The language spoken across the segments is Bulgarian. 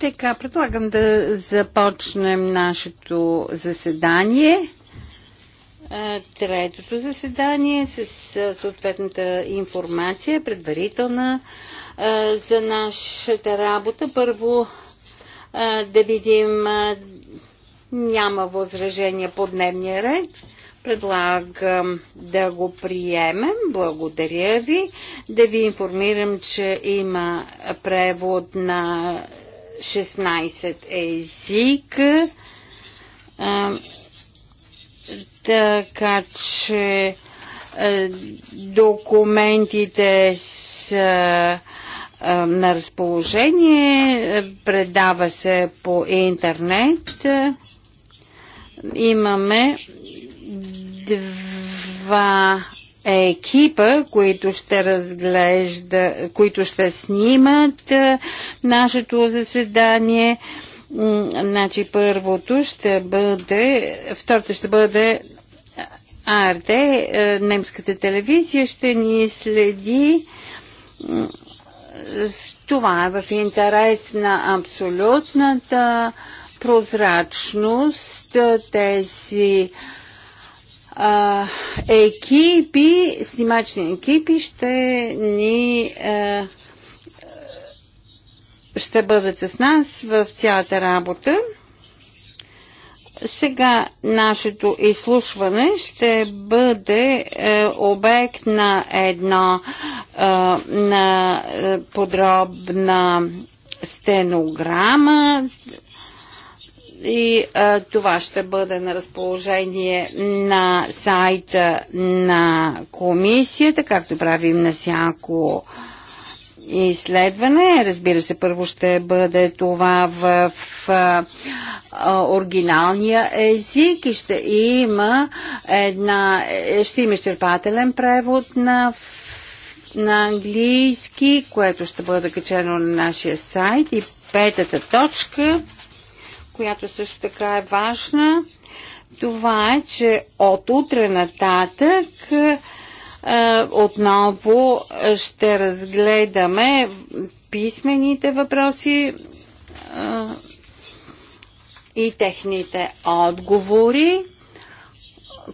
Така, предлагам да започнем нашето заседание. Третото заседание с съответната информация, предварителна за нашата работа. Първо да видим няма възражения по дневния ред. Предлагам да го приемем. Благодаря ви. Да ви информирам, че има превод на 16 език. Така че документите са на разположение, предава се по интернет. Имаме два екипа, които ще разглежда, които ще снимат е, нашето заседание. Значи първото ще бъде, второто ще бъде АРД, е, немската телевизия ще ни следи. Това е в интерес на абсолютната прозрачност. Тези екипи, снимачни екипи ще ни а, е, ще бъдат с нас в цялата работа. Сега нашето изслушване ще бъде е, обект на една е, на, е, подробна стенограма и а, това ще бъде на разположение на сайта на комисията, както правим на всяко изследване. Разбира се, първо ще бъде това в, в а, оригиналния език и ще има една, ще има изчерпателен превод на на английски, което ще бъде качено на нашия сайт и петата точка която също така е важна, това е, че от утре нататък отново ще разгледаме писмените въпроси и техните отговори,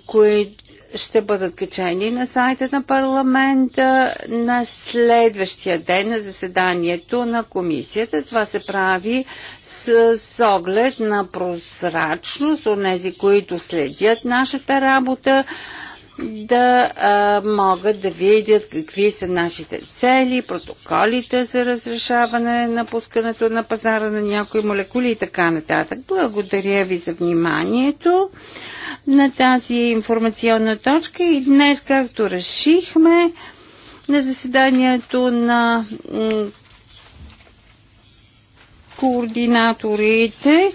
които ще бъдат качени на сайта на парламента на следващия ден на заседанието на комисията. Това се прави с, с оглед на прозрачност от тези, които следят нашата работа да а, могат да видят какви са нашите цели, протоколите за разрешаване на пускането на пазара на някои молекули и така нататък. Благодаря ви за вниманието на тази информационна точка и днес, както решихме на заседанието на координаторите,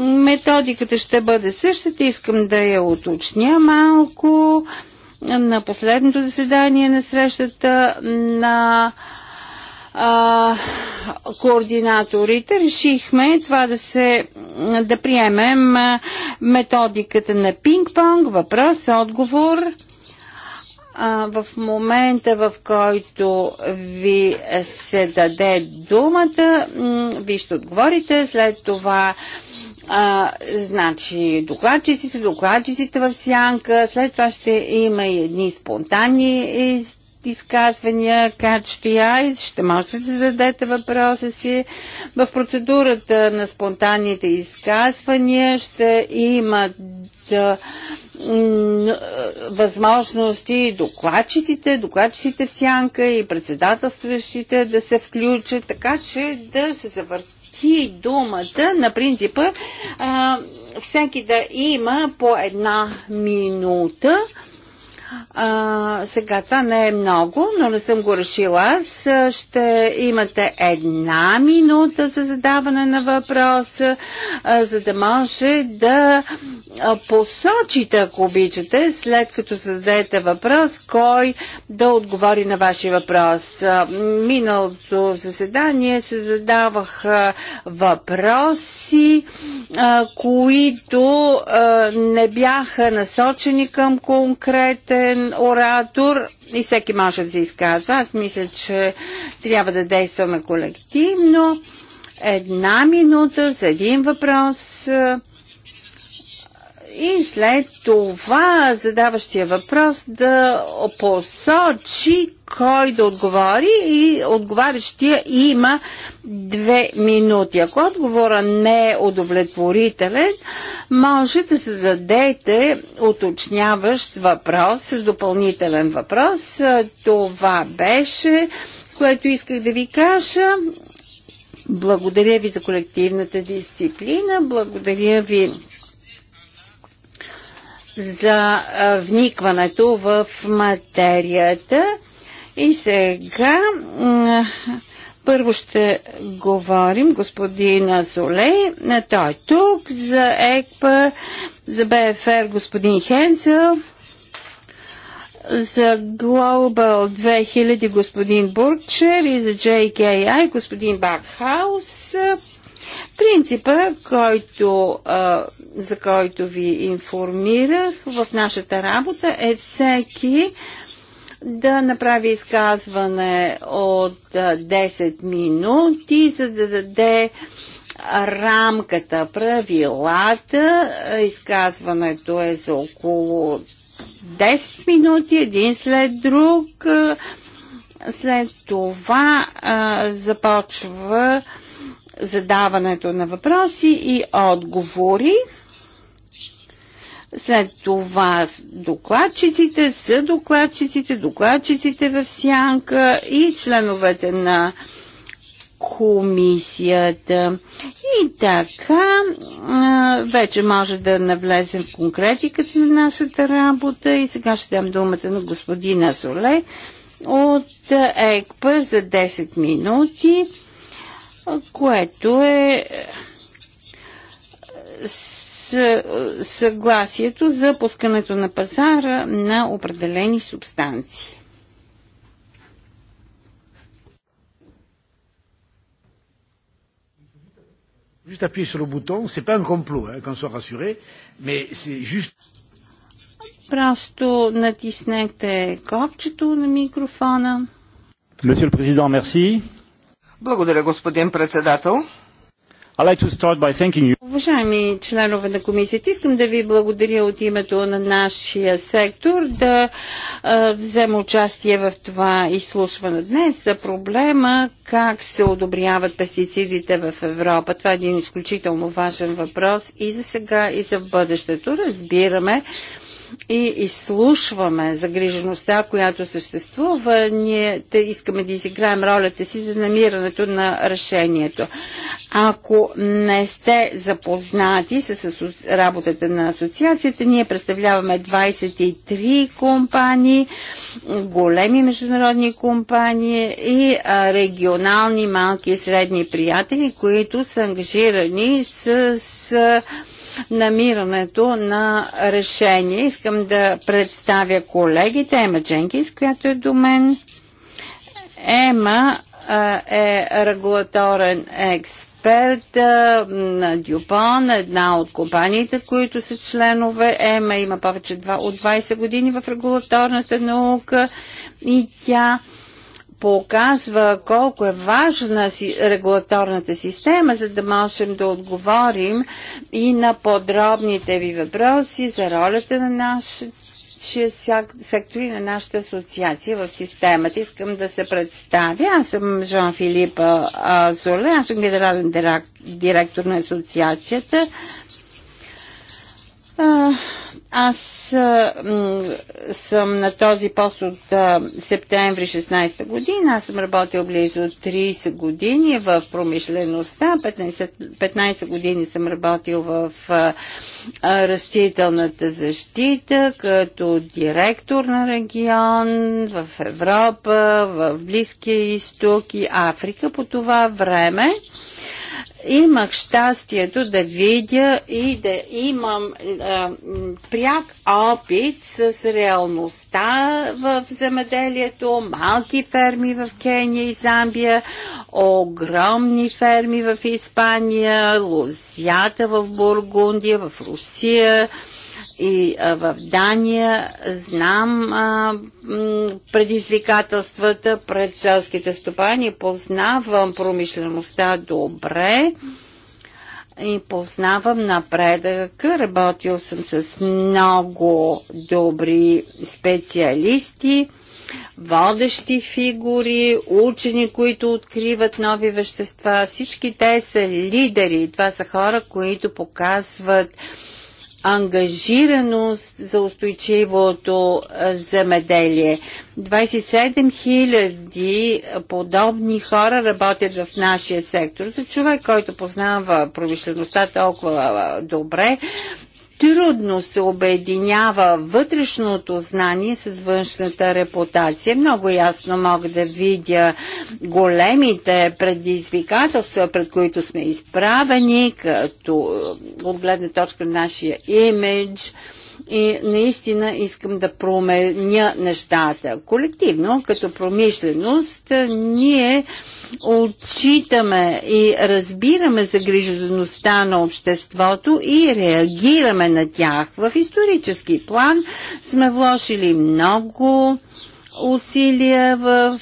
методиката ще бъде същата. Искам да я уточня малко. На последното заседание на срещата на а, координаторите решихме това да се да приемем методиката на пинг-понг, въпрос, отговор. А, в момента, в който ви се даде думата, ви ще отговорите. След това а, значи докладчиците, докладчиците в сянка, след това ще има и едни спонтанни из изказвания, ай, ще можете да зададете въпроса си. В процедурата на спонтанните изказвания ще имат възможности докладчиците, докладчиците в сянка и председателстващите да се включат, така че да се завърти ти думата на принципа а, всеки да има по една минута а, сега това не е много, но не съм го решила аз. Ще имате една минута за задаване на въпроса, а, за да може да посочите, ако обичате, след като зададете въпрос, кой да отговори на вашия въпрос. А, миналото заседание се задавах въпроси, а, които а, не бяха насочени към конкретен специален оратор и всеки може да се изказва. Аз мисля, че трябва да действаме колективно. Една минута за един въпрос. И след това задаващия въпрос да посочи кой да отговори и отговарящия има две минути. Ако отговора не е удовлетворителен, може да зададете уточняващ въпрос с допълнителен въпрос. Това беше, което исках да ви кажа. Благодаря ви за колективната дисциплина, благодаря ви за вникването в материята. И сега първо ще говорим Солей, Соле. Той е тук за ЕКПА, за БФР господин Хензел, за Global 2000 господин Буркчер и за JKI господин Бакхаус. Принципа, който, а, за който ви информирах в нашата работа е всеки да направи изказване от 10 минути, за да даде рамката, правилата. Изказването е за около 10 минути, един след друг. След това а, започва а, задаването на въпроси и отговори. След това докладчиците, съдокладчиците, докладчиците в сянка и членовете на комисията. И така, вече може да навлезем в конкретиката на нашата работа и сега ще дам думата на господина Соле от ЕКП за 10 минути което е съгласието за пускането на пазара на определени субстанции. Juste appuyer sur le bouton, ce n'est pas un complot, hein, qu'on soit rassuré, mais c'est juste. Просто натиснете копчето на микрофона. Monsieur le Président, merci. Благодаря, господин председател. Уважаеми членове на комисията, искам да ви благодаря от името на нашия сектор да взема участие в това изслушване днес за проблема как се одобряват пестицидите в Европа. Това е един изключително важен въпрос и за сега, и за бъдещето. Разбираме, и изслушваме загрижеността, която съществува, ние те искаме да изиграем ролята си за намирането на решението. Ако не сте запознати с работата на асоциацията, ние представляваме 23 компании, големи международни компании и регионални малки и средни приятели, които са ангажирани с, с намирането на решение. Искам да представя колегите Ема Дженкинс, която е до мен. Ема е регулаторен експерт на Дюпон, една от компаниите, които са членове. Ема има повече от 20 години в регулаторната наука и тя показва колко е важна регулаторната система, за да можем да отговорим и на подробните ви въпроси за ролята на нашия сектор и на нашата асоциация в системата. Искам да се представя. Аз съм Жан-Филип Золе, аз съм генерален директор на асоциацията. Аз съм на този пост от а, септември 16 година. Аз съм работил близо 30 години в промишлеността. 15, 15 години съм работил в а, растителната защита като директор на регион в Европа, в Близкия изток и Африка. По това време имах щастието да видя и да имам а, е, пряк опит с реалността в земеделието, малки ферми в Кения и Замбия, огромни ферми в Испания, лозята в Бургундия, в Русия. А, и в Дания знам предизвикателствата пред селските стопани, познавам промишлеността добре и познавам напредък, Работил съм с много добри специалисти, водещи фигури, учени, които откриват нови вещества. Всички те са лидери. Това са хора, които показват ангажираност за устойчивото земеделие. 27 хиляди подобни хора работят в нашия сектор. За човек, който познава промишлеността толкова добре, трудно се обединява вътрешното знание с външната репутация. Много ясно мога да видя големите предизвикателства, пред които сме изправени, като е, от гледна точка на нашия имидж, и наистина искам да променя нещата. Колективно, като промишленост, ние отчитаме и разбираме загрижеността на обществото и реагираме на тях. В исторически план сме вложили много усилия в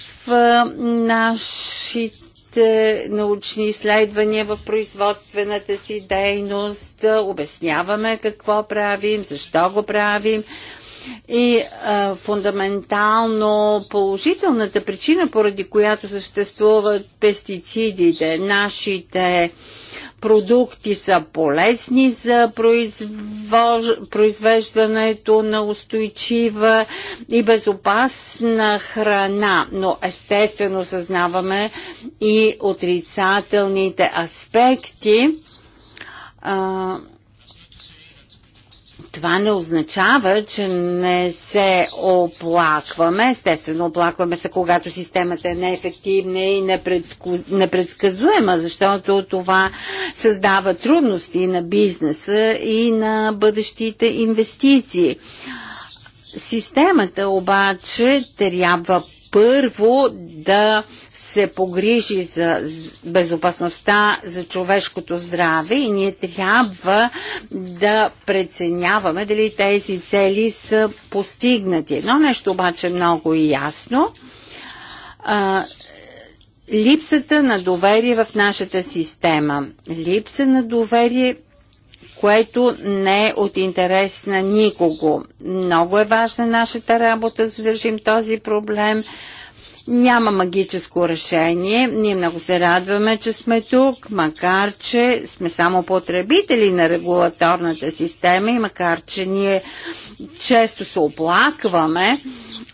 нашите научни изследвания в производствената си дейност, обясняваме какво правим, защо го правим. И а, фундаментално положителната причина, поради която съществуват пестицидите, нашите продукти са полезни за произвож... произвеждането на устойчива и безопасна храна, но естествено съзнаваме и отрицателните аспекти. А, това не означава, че не се оплакваме. Естествено, оплакваме се, когато системата е неефективна и непредсказуема, защото това създава трудности на бизнеса и на бъдещите инвестиции. Системата обаче трябва първо да се погрижи за безопасността, за човешкото здраве и ние трябва да преценяваме дали тези цели са постигнати. Едно нещо обаче е много и ясно. А, липсата на доверие в нашата система. Липса на доверие което не е от интерес на никого. Много е важна нашата работа, за да решим този проблем. Няма магическо решение. Ние много се радваме, че сме тук, макар че сме само потребители на регулаторната система и макар че ние често се оплакваме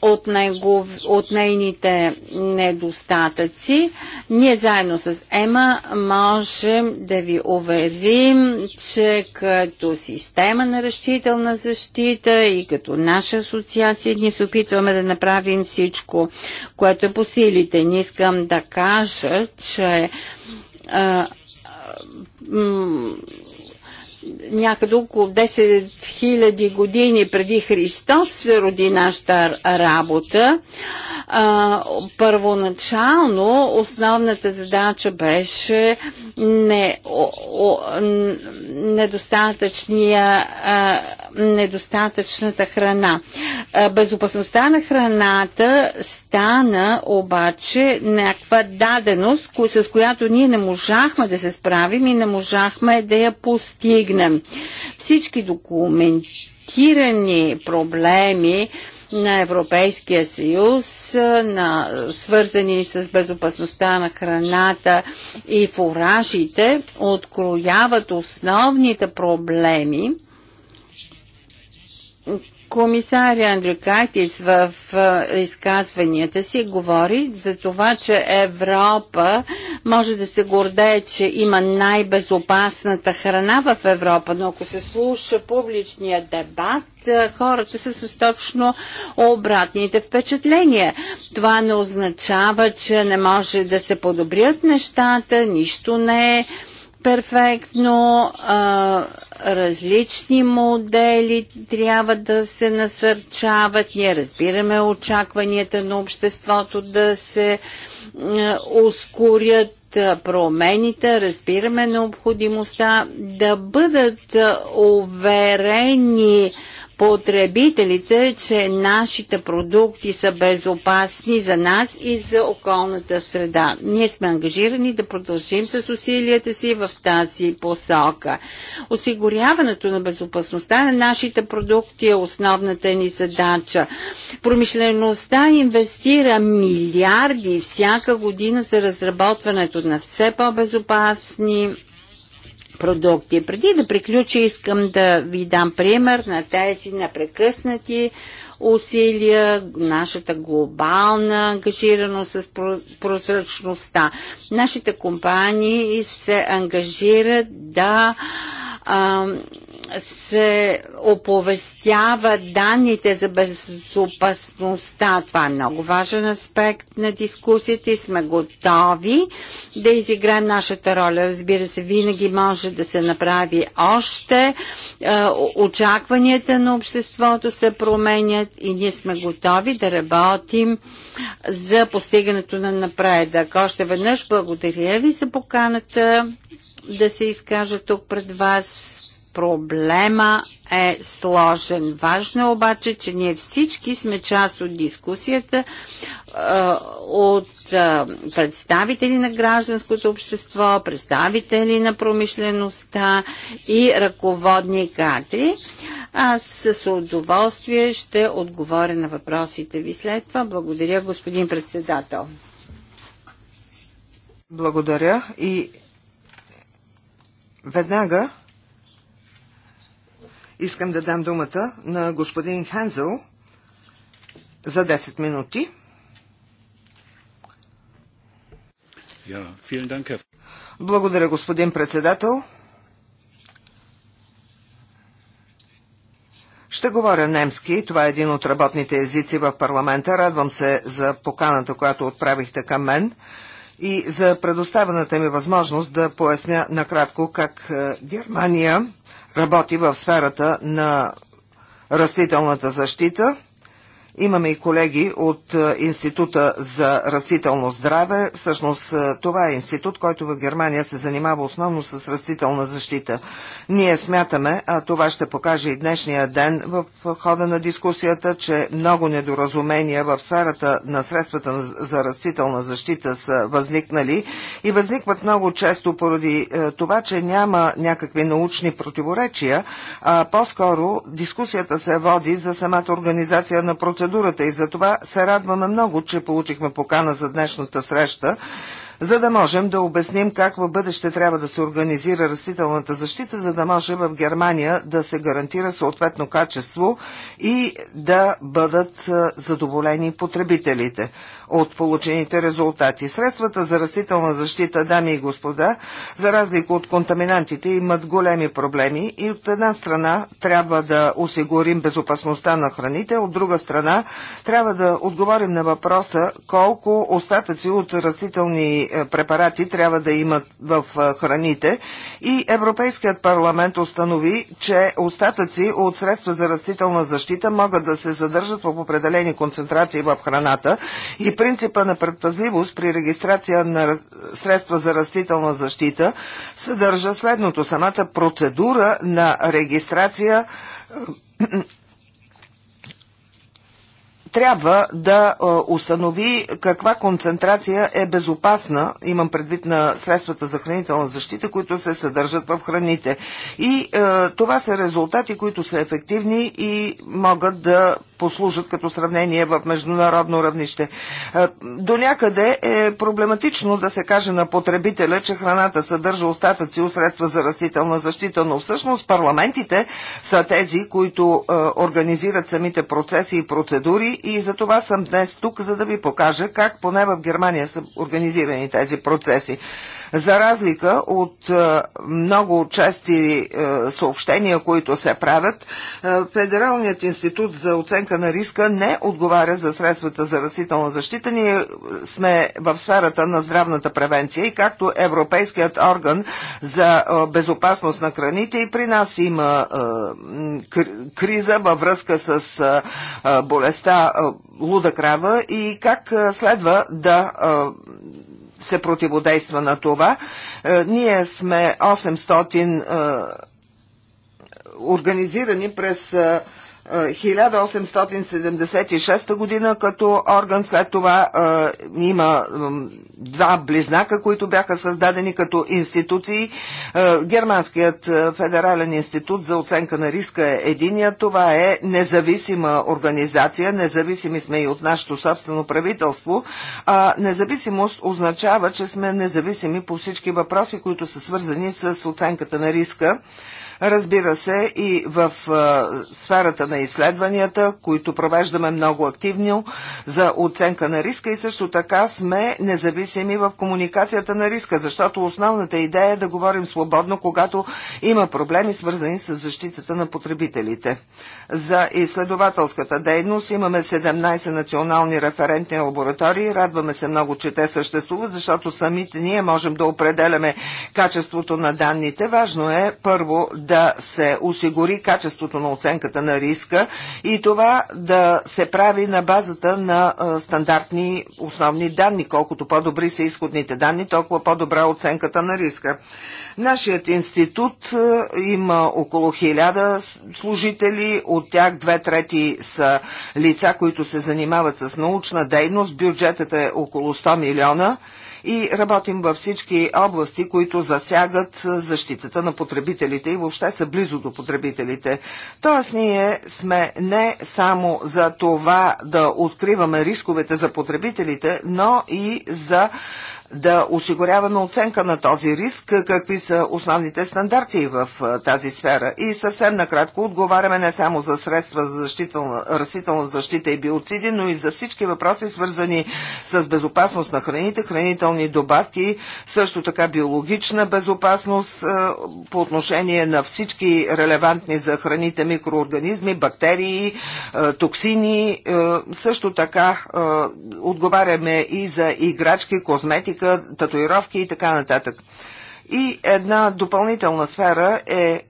от, него, от нейните недостатъци. Ние заедно с Ема можем да ви уверим, че като система на разчителна защита и като наша асоциация ние се опитваме да направим всичко, което е по силите. Не искам да кажа, че а, някъде около 10 000 години преди Христос се роди нашата работа. А, първоначално основната задача беше не, о, о, недостатъчния, а, недостатъчната храна. А, безопасността на храната стана обаче някаква даденост, с която ние не можахме да се справим и не можахме да я постигнем година. Всички документирани проблеми на Европейския съюз, на, свързани с безопасността на храната и фуражите, открояват основните проблеми, Комисаря Андрюкатис в изказванията си говори за това, че Европа може да се гордее, че има най-безопасната храна в Европа, но ако се слуша публичния дебат, хората са с точно обратните впечатления. Това не означава, че не може да се подобрят нещата, нищо не е перфектно. А, различни модели трябва да се насърчават. Ние разбираме очакванията на обществото да се а, ускорят промените, разбираме необходимостта да бъдат уверени потребителите, че нашите продукти са безопасни за нас и за околната среда. Ние сме ангажирани да продължим с усилията си в тази посока. Осигуряването на безопасността на нашите продукти е основната ни задача. Промишлеността инвестира милиарди всяка година за разработването на все по-безопасни продукти. Преди да приключа, искам да ви дам пример на тези непрекъснати усилия, нашата глобална ангажираност с прозрачността. Нашите компании се ангажират да а, се оповестяват данните за безопасността. Това е много важен аспект на дискусията и сме готови да изиграем нашата роля. Разбира се, винаги може да се направи още. Е, очакванията на обществото се променят и ние сме готови да работим за постигането на напредък. Още веднъж благодаря ви за поканата да се изкажа тук пред вас проблема е сложен. Важно е обаче, че ние всички сме част от дискусията от представители на гражданското общество, представители на промишлеността и ръководни кадри. Аз с удоволствие ще отговоря на въпросите ви след това. Благодаря, господин председател. Благодаря и веднага Искам да дам думата на господин Хензел за 10 минути. Благодаря, господин председател. Ще говоря немски. Това е един от работните езици в парламента. Радвам се за поканата, която отправихте към мен и за предоставената ми възможност да поясня накратко как е, Германия работи в сферата на растителната защита. Имаме и колеги от е, Института за растително здраве. Всъщност е, това е институт, който в Германия се занимава основно с растителна защита. Ние смятаме, а това ще покаже и днешния ден в хода на дискусията, че много недоразумения в сферата на средствата за растителна защита са възникнали и възникват много често поради е, това, че няма някакви научни противоречия, а по-скоро дискусията се води за самата организация на процедурата процедурата и за това се радваме много, че получихме покана за днешната среща, за да можем да обясним как в бъдеще трябва да се организира растителната защита, за да може в Германия да се гарантира съответно качество и да бъдат е, задоволени потребителите от получените резултати. Средствата за растителна защита, дами и господа, за разлика от контаминантите, имат големи проблеми и от една страна трябва да осигурим безопасността на храните, от друга страна трябва да отговорим на въпроса колко остатъци от растителни е, препарати трябва да имат в е, храните и Европейският парламент установи, че остатъци от средства за растителна защита могат да се задържат в определени концентрации в храната и принципа на предпазливост при регистрация на средства за растителна защита съдържа следното. Самата процедура на регистрация е, трябва да е, установи каква концентрация е безопасна, имам предвид на средствата за хранителна защита, които се съдържат в храните. И е, това са резултати, които са ефективни и могат да послужат като сравнение в международно равнище. Е, до някъде е проблематично да се каже на потребителя, че храната съдържа остатъци от средства за растителна защита, но всъщност парламентите са тези, които е, организират самите процеси и процедури и за това съм днес тук, за да ви покажа как поне в Германия са организирани тези процеси. За разлика от е, много части е, съобщения, които се правят, е, Федералният институт за оценка на риска не отговаря за средствата за растителна защита. Ние сме в сферата на здравната превенция и както Европейският орган за безопасност на храните и при нас има криза във връзка с болестта луда крава и как следва да се противодейства на това. Е, ние сме 800 е, организирани през е, 1876 година като орган. След това е, има е, два близнака, които бяха създадени като институции. Е, Германският федерален институт за оценка на риска е единия. Това е независима организация. Независими сме и от нашето собствено правителство. А независимост означава, че сме независими по всички въпроси, които са свързани с оценката на риска. Разбира се, и в сферата на изследванията, които провеждаме много активно за оценка на риска и също така сме независими в комуникацията на риска, защото основната идея е да говорим свободно, когато има проблеми свързани с защитата на потребителите. За изследователската дейност имаме 17 национални референтни лаборатории. Радваме се много, че те съществуват, защото самите ние можем да определяме качеството на данните. Важно е първо да се осигури качеството на оценката на риска и това да се прави на базата на стандартни основни данни. Колкото по-добри са изходните данни, толкова по-добра е оценката на риска. Нашият институт има около 1000 служители, от тях две трети са лица, които се занимават с научна дейност, бюджетът е около 100 милиона – и работим във всички области, които засягат защитата на потребителите и въобще са близо до потребителите. Тоест ние сме не само за това да откриваме рисковете за потребителите, но и за да осигуряваме оценка на този риск, какви са основните стандарти в тази сфера. И съвсем накратко отговаряме не само за средства за растителна защита и биоциди, но и за всички въпроси, свързани с безопасност на храните, хранителни добавки, също така биологична безопасност по отношение на всички релевантни за храните микроорганизми, бактерии, токсини. Също така отговаряме и за играчки, козметика, пластика, татуировки и така нататък. И една допълнителна сфера е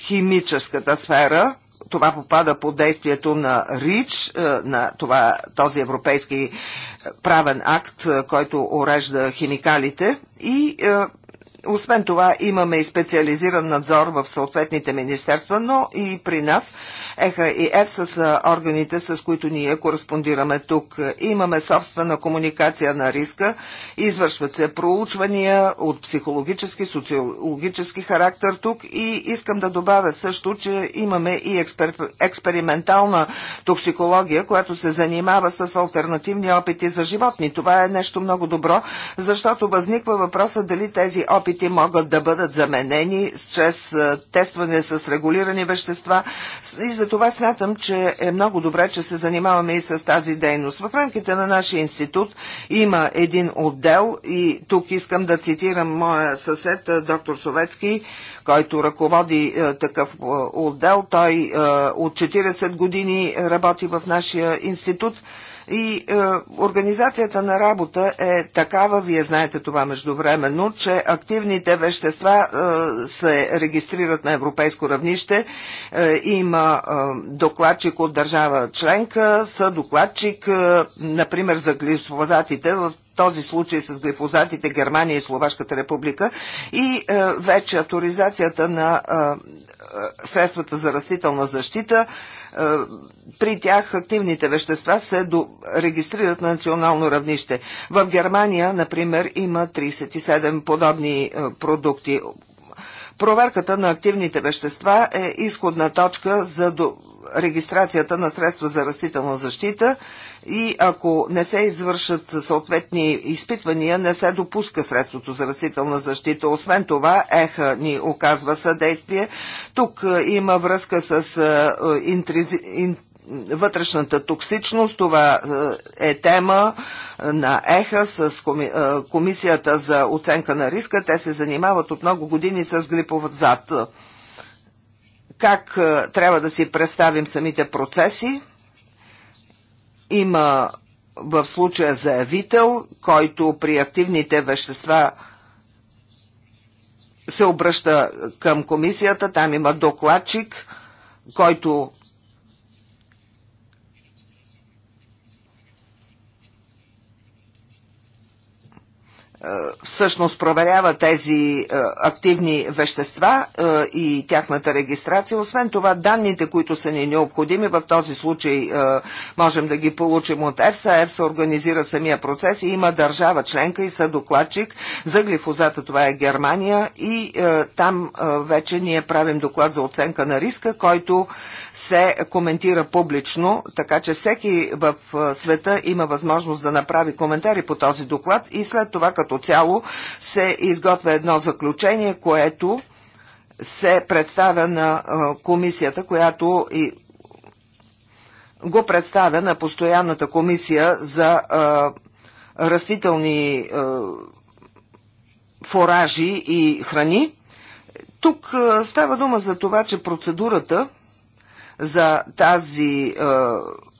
химическата сфера. Това попада под действието на РИЧ, е, на това, този европейски правен акт, е, който урежда химикалите. И е, освен това имаме и специализиран надзор в съответните министерства, но и при нас ЕХА и ЕФ са органите, с които ние кореспондираме тук. Имаме собствена комуникация на риска, извършват се проучвания от психологически, социологически характер тук и искам да добавя също, че имаме и експер... експериментална токсикология, която се занимава с альтернативни опити за животни. Това е нещо много добро, защото възниква въпроса дали тези опити опити могат да бъдат заменени чрез тестване с регулирани вещества и за това смятам, че е много добре, че се занимаваме и с тази дейност. В рамките на нашия институт има един отдел и тук искам да цитирам моя съсед, доктор Совецки, който ръководи е, такъв е, отдел. Той е, от 40 години работи в нашия институт. И е, организацията на работа е такава, вие знаете това междувременно, че активните вещества е, се регистрират на европейско равнище. Е, има е, докладчик от държава членка, са докладчик, е, например, за глифозатите в този случай с глифозатите Германия и Словашката република и е, вече авторизацията на е, е средствата за растителна защита е, е, при тях активните вещества се регистрират на национално равнище. В Германия, например, има 37 подобни е, продукти. Проверката на активните вещества е изходна точка за регистрацията на средства за растителна защита и ако не се извършат съответни изпитвания, не се допуска средството за растителна защита. Освен това, ЕХА ни оказва съдействие. Тук е, има връзка с е, е, интризи вътрешната токсичност. Това е тема на ЕХА с Комисията за оценка на риска. Те се занимават от много години с зад. Как трябва да си представим самите процеси? Има в случая заявител, който при активните вещества се обръща към комисията, там има докладчик, който Е, всъщност проверява тези е, активни вещества е, и тяхната регистрация. Освен това, данните, които са ни необходими, в този случай можем да ги получим от ЕФСА. ЕФСА организира самия процес и има държава членка и са докладчик за глифозата. Това е Германия и там вече ние правим доклад за оценка на риска, който се коментира публично, така че всеки в света има възможност да направи коментари по този доклад и след това, като като цяло се изготвя едно заключение, което се представя на комисията, която и го представя на постоянната комисия за растителни форажи фуражи и храни. Тук става дума за това, че процедурата за тази,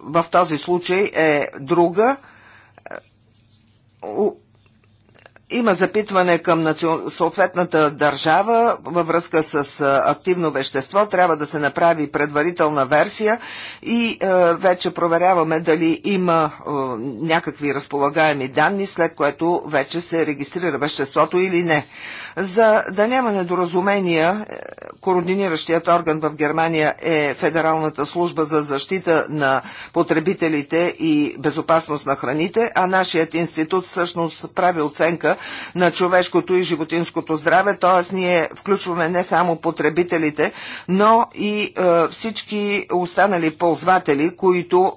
в този случай е друга има запитване към национ... съответната държава във връзка с активно вещество. Трябва да се направи предварителна версия и вече проверяваме дали има някакви разполагаеми данни, след което вече се регистрира веществото или не. За да няма недоразумения, Координиращият орган в Германия е Федералната служба за защита на потребителите и безопасност на храните, а нашият институт всъщност прави оценка на човешкото и животинското здраве, т.е. ние включваме не само потребителите, но и е, всички останали ползватели, които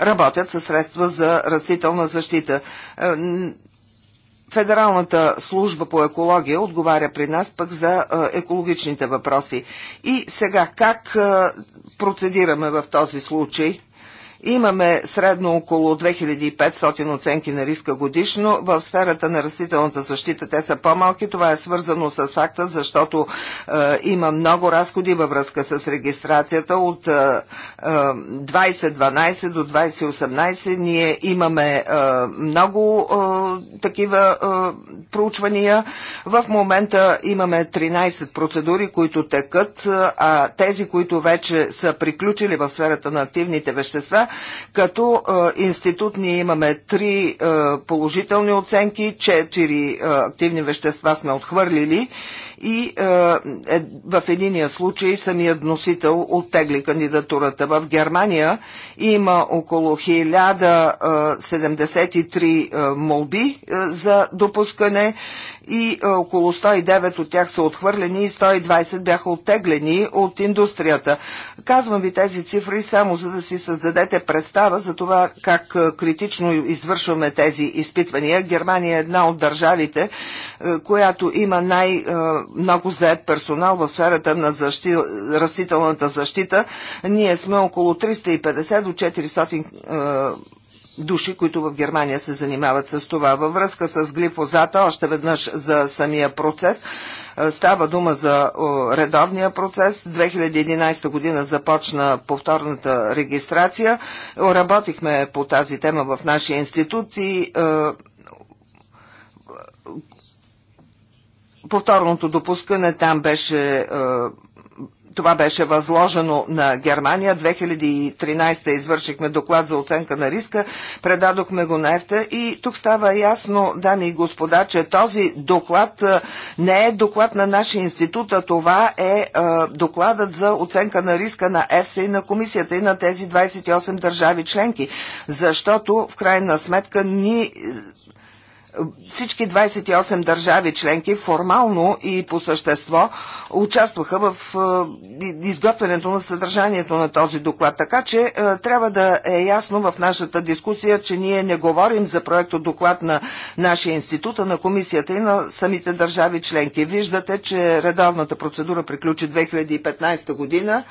е, работят със средства за растителна защита. Е, Федералната служба по екология отговаря при нас пък за е, екологичните въпроси. И сега как е, процедираме в този случай? Имаме средно около 2500 оценки на риска годишно. В сферата на растителната защита те са по-малки. Това е свързано с факта, защото е, има много разходи във връзка с регистрацията. От е, 2012 е, до 2018 ние имаме е, много е, такива е, проучвания. В момента имаме 13 процедури, които текат, е, а тези, които вече са приключили в сферата на активните вещества, като институт ние имаме три положителни оценки, четири активни вещества сме отхвърлили и е, в единия случай самият носител оттегли кандидатурата. В Германия има около 1073 молби за допускане и около 109 от тях са отхвърлени и 120 бяха оттеглени от индустрията. Казвам ви тези цифри само за да си създадете представа за това как критично извършваме тези изпитвания. Германия е една от държавите, която има най-много заед персонал в сферата на защи... растителната защита. Ние сме около 350 до 400 души, които в Германия се занимават с това. Във връзка с глифозата още веднъж за самия процес, става дума за редовния процес. 2011 година започна повторната регистрация. Работихме по тази тема в нашия институт и повторното допускане там беше това беше възложено на Германия. 2013 извършихме доклад за оценка на риска, предадохме го на ЕФТА и тук става ясно, дами и господа, че този доклад не е доклад на нашия институт, а това е докладът за оценка на риска на ЕФСА и на комисията и на тези 28 държави членки. Защото в крайна сметка ни всички 28 държави членки формално и по същество участваха в е, изготвянето на съдържанието на този доклад. Така че е, трябва да е ясно в нашата дискусия, че ние не говорим за проекто доклад на нашия институт, на комисията и на самите държави членки. Виждате, че редовната процедура приключи 2015 година.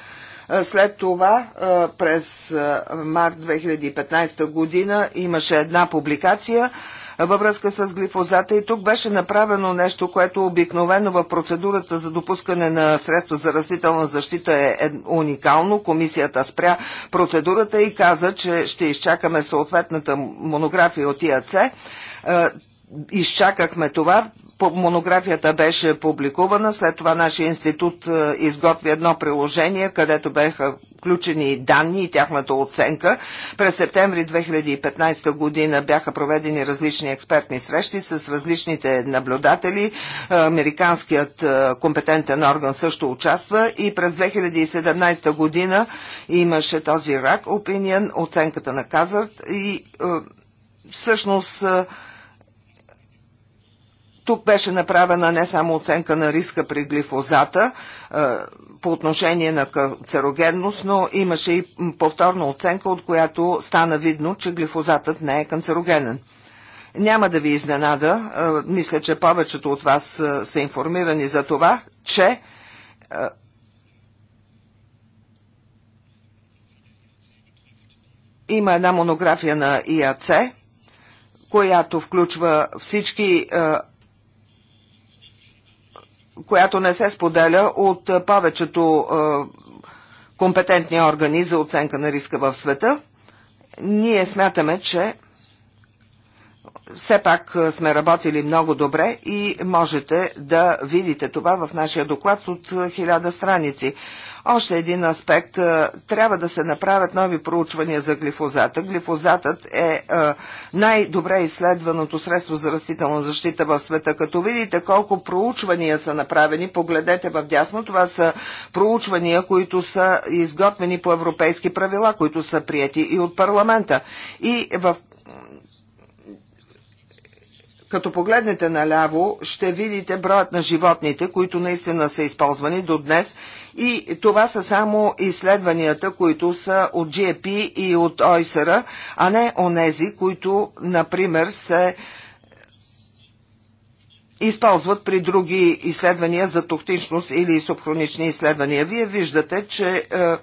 Е, след това през март 2015 година имаше една публикация – във връзка с глифозата и тук беше направено нещо, което обикновено в процедурата за допускане на средства за растителна защита е уникално. Комисията спря процедурата и каза, че ще изчакаме съответната монография от ИАЦ. Е, изчакахме това, монографията беше публикувана, след това нашия институт е, изготви едно приложение, където беха включени данни и тяхната оценка. През септември 2015 година бяха проведени различни експертни срещи с различните наблюдатели. Е, Американският е, компетентен орган също участва и през 2017 година имаше този рак опиниен, оценката на Казарт и е, всъщност тук беше направена не само оценка на риска при глифозата, по отношение на канцерогенност, но имаше и повторна оценка, от която стана видно, че глифозатът не е канцерогенен. Няма да ви изненада, мисля, че повечето от вас са информирани за това, че има една монография на ИАЦ, която включва всички която не се споделя от е, повечето е, компетентни органи за оценка на риска в света. Ние смятаме, че все пак сме работили много добре и можете да видите това в нашия доклад от хиляда страници. Още един аспект. Трябва да се направят нови проучвания за глифозата. Глифозатът е най-добре изследваното средство за растителна защита в света. Като видите колко проучвания са направени, погледете в дясно. Това са проучвания, които са изготвени по европейски правила, които са прияти и от парламента. И в като погледнете наляво, ще видите броят на животните, които наистина са използвани до днес и това са само изследванията, които са от GEP и от ОИСР, а не онези, които, например, се използват при други изследвания за токтичност или субхронични изследвания. Вие виждате, че е,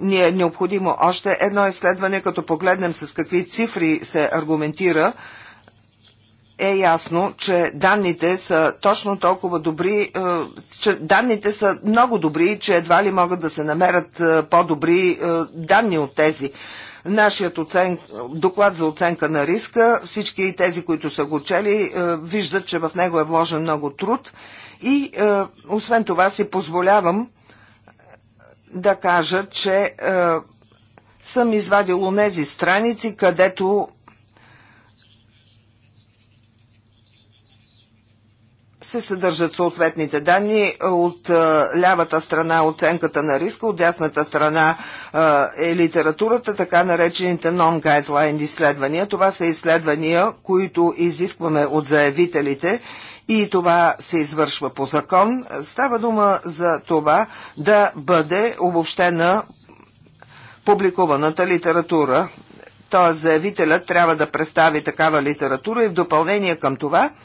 ни е необходимо още едно изследване, като погледнем с какви цифри се аргументира – е ясно, че данните са точно толкова добри, е, че данните са много добри, че едва ли могат да се намерят е, по-добри е, данни от тези. Нашият оцен... доклад за оценка на риска, всички тези, които са го чели, виждат, че в него е вложен много труд и освен това си позволявам да кажа, че съм извадил онези страници, където се съдържат съответните данни. От лявата страна оценката на риска, от дясната страна е литературата, така наречените non-guideline изследвания. Това са изследвания, които изискваме от заявителите и това се извършва по закон. Става дума за това да бъде обобщена публикуваната литература. Тоест, заявителят трябва да представи такава литература и в допълнение към това –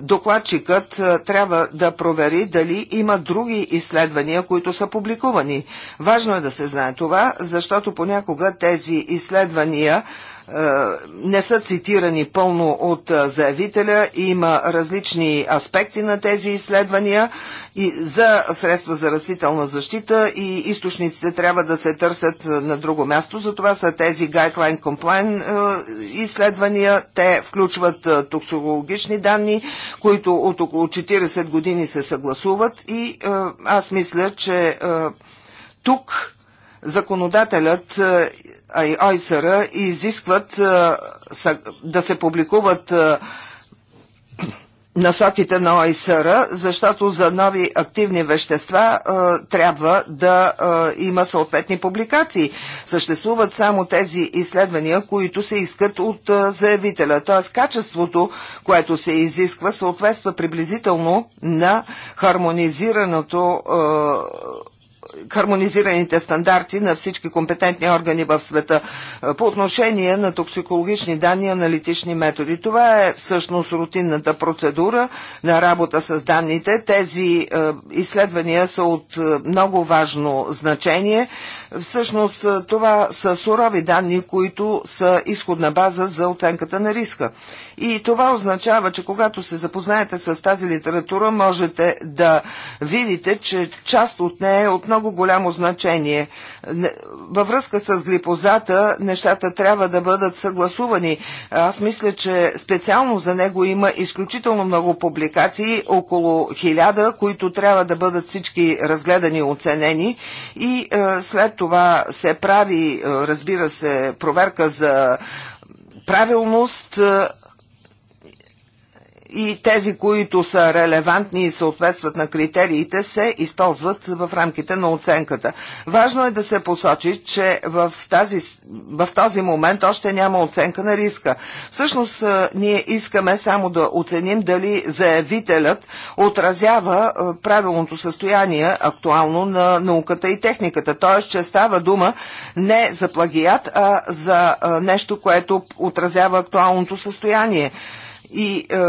докладчикът е, трябва да провери дали има други изследвания, които са публикувани. Важно е да се знае това, защото понякога тези изследвания е, не са цитирани пълно от е, заявителя. Има различни аспекти на тези изследвания и за средства за растителна защита и източниците трябва да се търсят е, на друго място. Затова са тези Guideline Compliant изследвания. Те включват токсикологични данни, които от около 40 години се съгласуват и аз мисля, че тук законодателят а и ОИСР изискват да се публикуват насоките на ОИСР, защото за нови активни вещества трябва да има съответни публикации. Съществуват само тези изследвания, които се искат от заявителя. Т.е. качеството, което се изисква, съответства приблизително на хармонизираното хармонизираните стандарти на всички компетентни органи в света е, по отношение на токсикологични данни и аналитични методи. Това е всъщност рутинната процедура на работа с данните. Тези е, изследвания са от е, много важно значение. Всъщност това са сурови данни, които са изходна база за оценката на риска. И това означава, че когато се запознаете с тази литература, можете да видите, че част от нея е от много много голямо значение. Във връзка с глипозата нещата трябва да бъдат съгласувани. Аз мисля, че специално за него има изключително много публикации, около хиляда, които трябва да бъдат всички разгледани и оценени. И е, след това се прави, е, разбира се, проверка за правилност. Е, и тези, които са релевантни и съответстват на критериите, се използват в рамките на оценката. Важно е да се посочи, че в, тази, в този момент още няма оценка на риска. Всъщност ние искаме само да оценим дали заявителят отразява правилното състояние актуално на науката и техниката. Т.е. че става дума не за плагият, а за нещо, което отразява актуалното състояние. И е,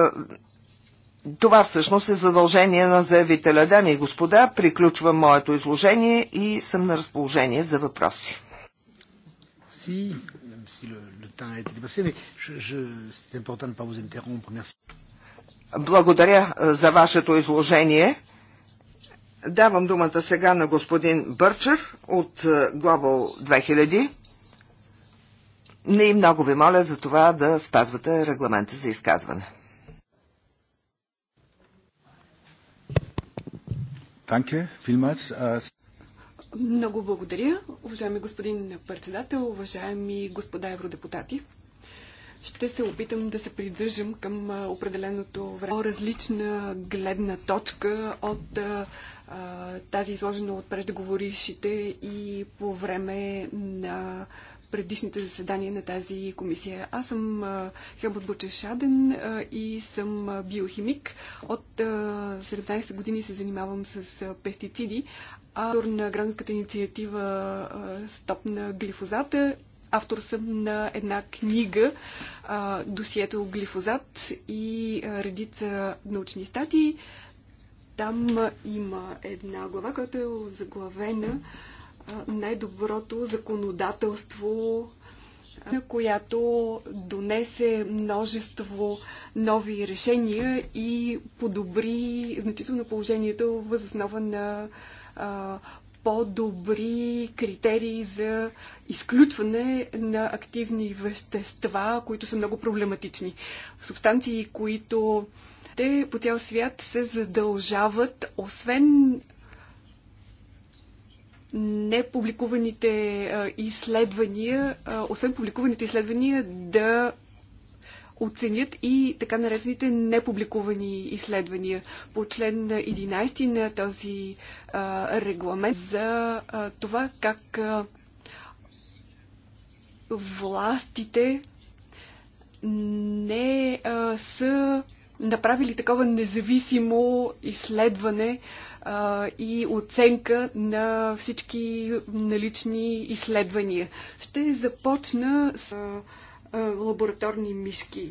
това всъщност е задължение на заявителя. Дами и господа, приключвам моето изложение и съм на разположение за въпроси. Благодаря е, за вашето изложение. Давам думата сега на господин Бърчер от е, Global 2000. Не и много ви моля за това да спазвате регламента за изказване. Данке, филмац. Много благодаря, уважаеми господин председател, уважаеми господа евродепутати. Ще се опитам да се придържам към определеното време. По-различна гледна точка от а, тази изложена от преждеговорившите и по време на предишните заседания на тази комисия. Аз съм Хелбът Шаден и съм биохимик. От 17 години се занимавам с пестициди, автор на гражданската инициатива Стоп на глифозата автор съм на една книга, досието глифозат и редица научни статии. Там има една глава, която е заглавена най-доброто законодателство, която донесе множество нови решения и подобри значително положението възоснова на по-добри критерии за изключване на активни вещества, които са много проблематични. Субстанции, които те по цял свят се задължават, освен непубликуваните изследвания, освен публикуваните изследвания, да оценят и така наречените непубликувани изследвания по член 11 на този регламент за това как властите не а, са направили такова независимо изследване а, а, и оценка на всички налични изследвания. Ще започна с а, а, лабораторни мишки.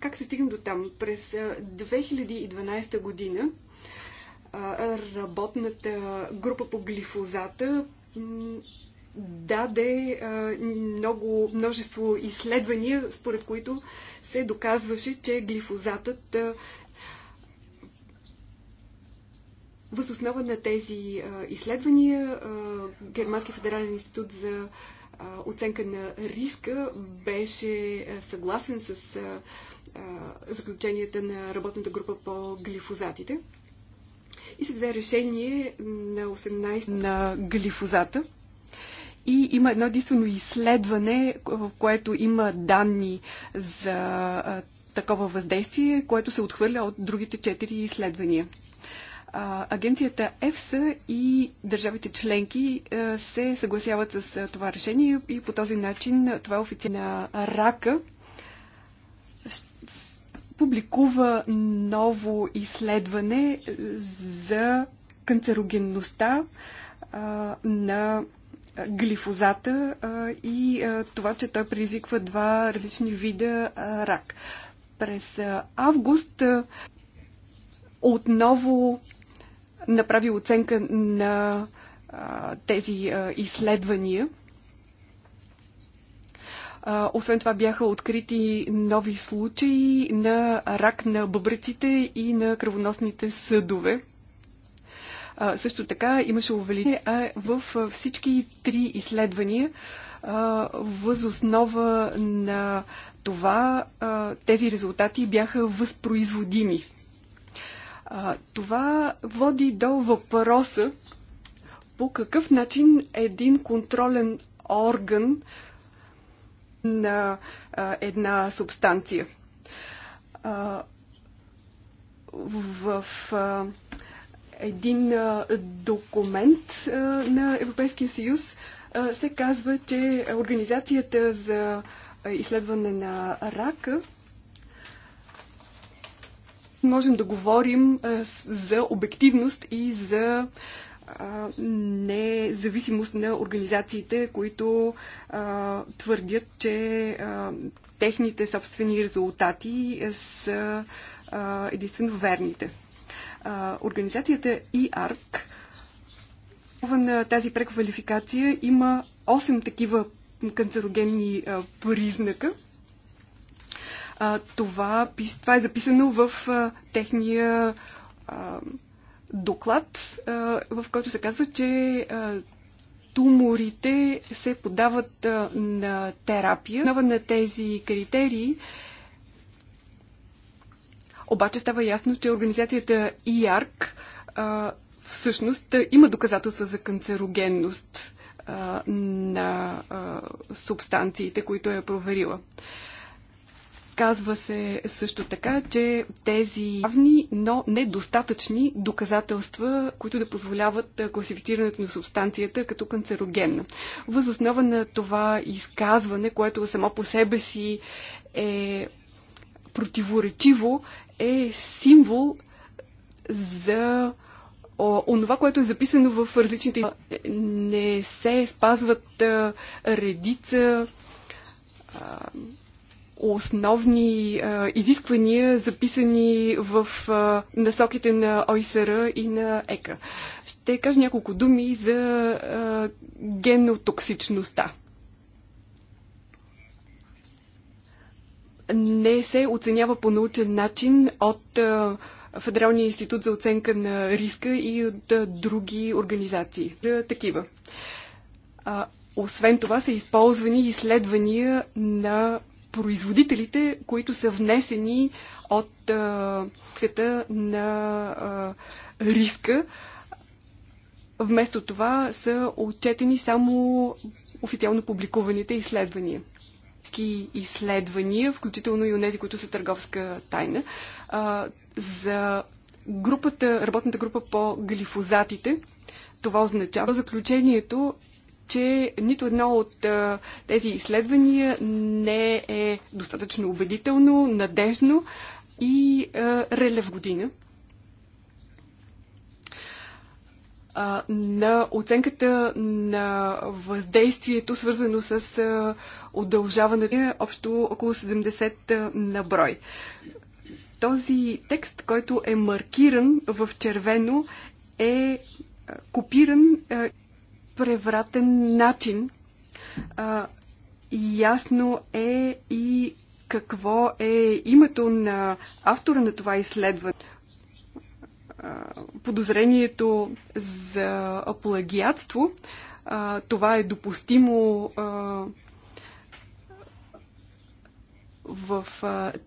Как се стигна до там? През 2012 година работната група по глифозата даде много множество изследвания, според които се доказваше, че глифозатът Въз основа на тези изследвания Германски федерален институт за оценка на риска беше съгласен с заключенията на работната група по глифозатите и се взе решение на 18 на глифозата. И има едно единствено изследване, в което има данни за такова въздействие, което се отхвърля от другите четири изследвания. Агенцията ЕФСА и държавите членки се съгласяват с това решение и по този начин това е официална рака публикува ново изследване за канцерогенността на глифозата и това, че той предизвиква два различни вида рак. През август отново направи оценка на а, тези а, изследвания. А, освен това бяха открити нови случаи на рак на бъбреците и на кръвоносните съдове. А, също така имаше увеличение а в всички три изследвания възоснова на това тези резултати бяха възпроизводими. А, това води до въпроса по какъв начин един контролен орган на а, една субстанция. А, в а, един а, документ а, на Европейския съюз а, се казва, че Организацията за изследване на рака можем да говорим за обективност и за независимост на организациите, които а, твърдят, че а, техните собствени резултати са а, единствено верните. А, организацията IARC на тази преквалификация има 8 такива канцерогенни а, признака, това, това е записано в техния доклад, в който се казва, че туморите се подават на терапия. Нова на тези критерии обаче става ясно, че организацията ИАРК всъщност има доказателства за канцерогенност на субстанциите, които е проверила. Казва се също така, че тези явни, но недостатъчни доказателства, които да позволяват класифицирането на субстанцията като канцерогенна. Въз основа на това изказване, което само по себе си е противоречиво, е символ за онова, което е записано в различните... Не се спазват редица основни а, изисквания, записани в а, насоките на ОИСР и на ЕКА. Ще кажа няколко думи за а, генотоксичността. Не се оценява по научен начин от а, Федералния институт за оценка на риска и от а, други организации. А, е, такива. А, освен това са използвани изследвания на производителите, които са внесени от а, на а, риска. Вместо това са отчетени само официално публикуваните изследвания. Изследвания, включително и онези, които са търговска тайна, а, за групата, работната група по глифозатите. Това означава заключението че нито едно от а, тези изследвания не е достатъчно убедително, надежно и а, в година. на оценката на въздействието, свързано с удължаването, е общо около 70 на брой. Този текст, който е маркиран в червено, е копиран превратен начин. А, ясно е и какво е името на автора на това изследване. Подозрението за плагиатство, това е допустимо в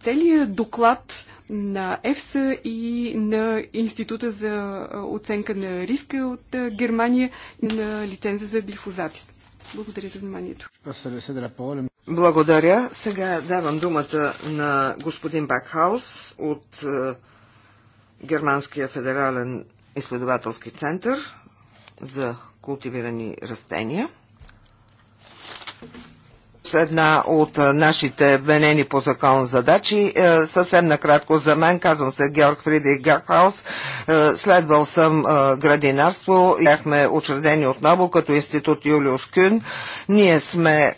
целия доклад на ЕФСА и на Института за оценка на риска от Германия на лиценза за глифозатите. Благодаря за вниманието. Благодаря. Сега давам думата на господин Бакхаус от Германския федерален изследователски център за култивирани растения една от нашите венени по закон задачи. Е, съвсем накратко за мен, казвам се Георг Фриди Гахаус, е, следвал съм е, градинарство, бяхме учредени отново като институт Юлиус Кюн. Ние сме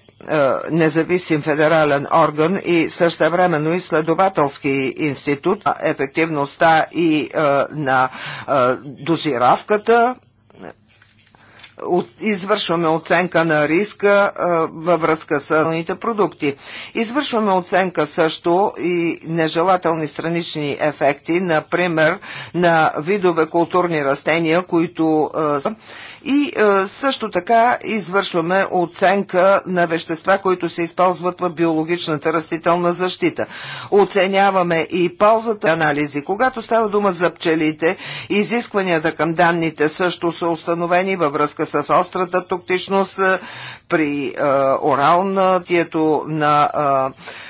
независим федерален орган и същевременно изследователски институт, ефективността и на дозиравката от, извършваме оценка на риска а, във връзка с хранителните продукти. Извършваме оценка също и нежелателни странични ефекти, например на видове културни растения, които а, и е, също така извършваме оценка на вещества, които се използват в биологичната растителна защита. Оценяваме и ползата анализи. Когато става дума за пчелите, изискванията към данните също са установени във връзка с острата токтичност е, при е, оралнатието на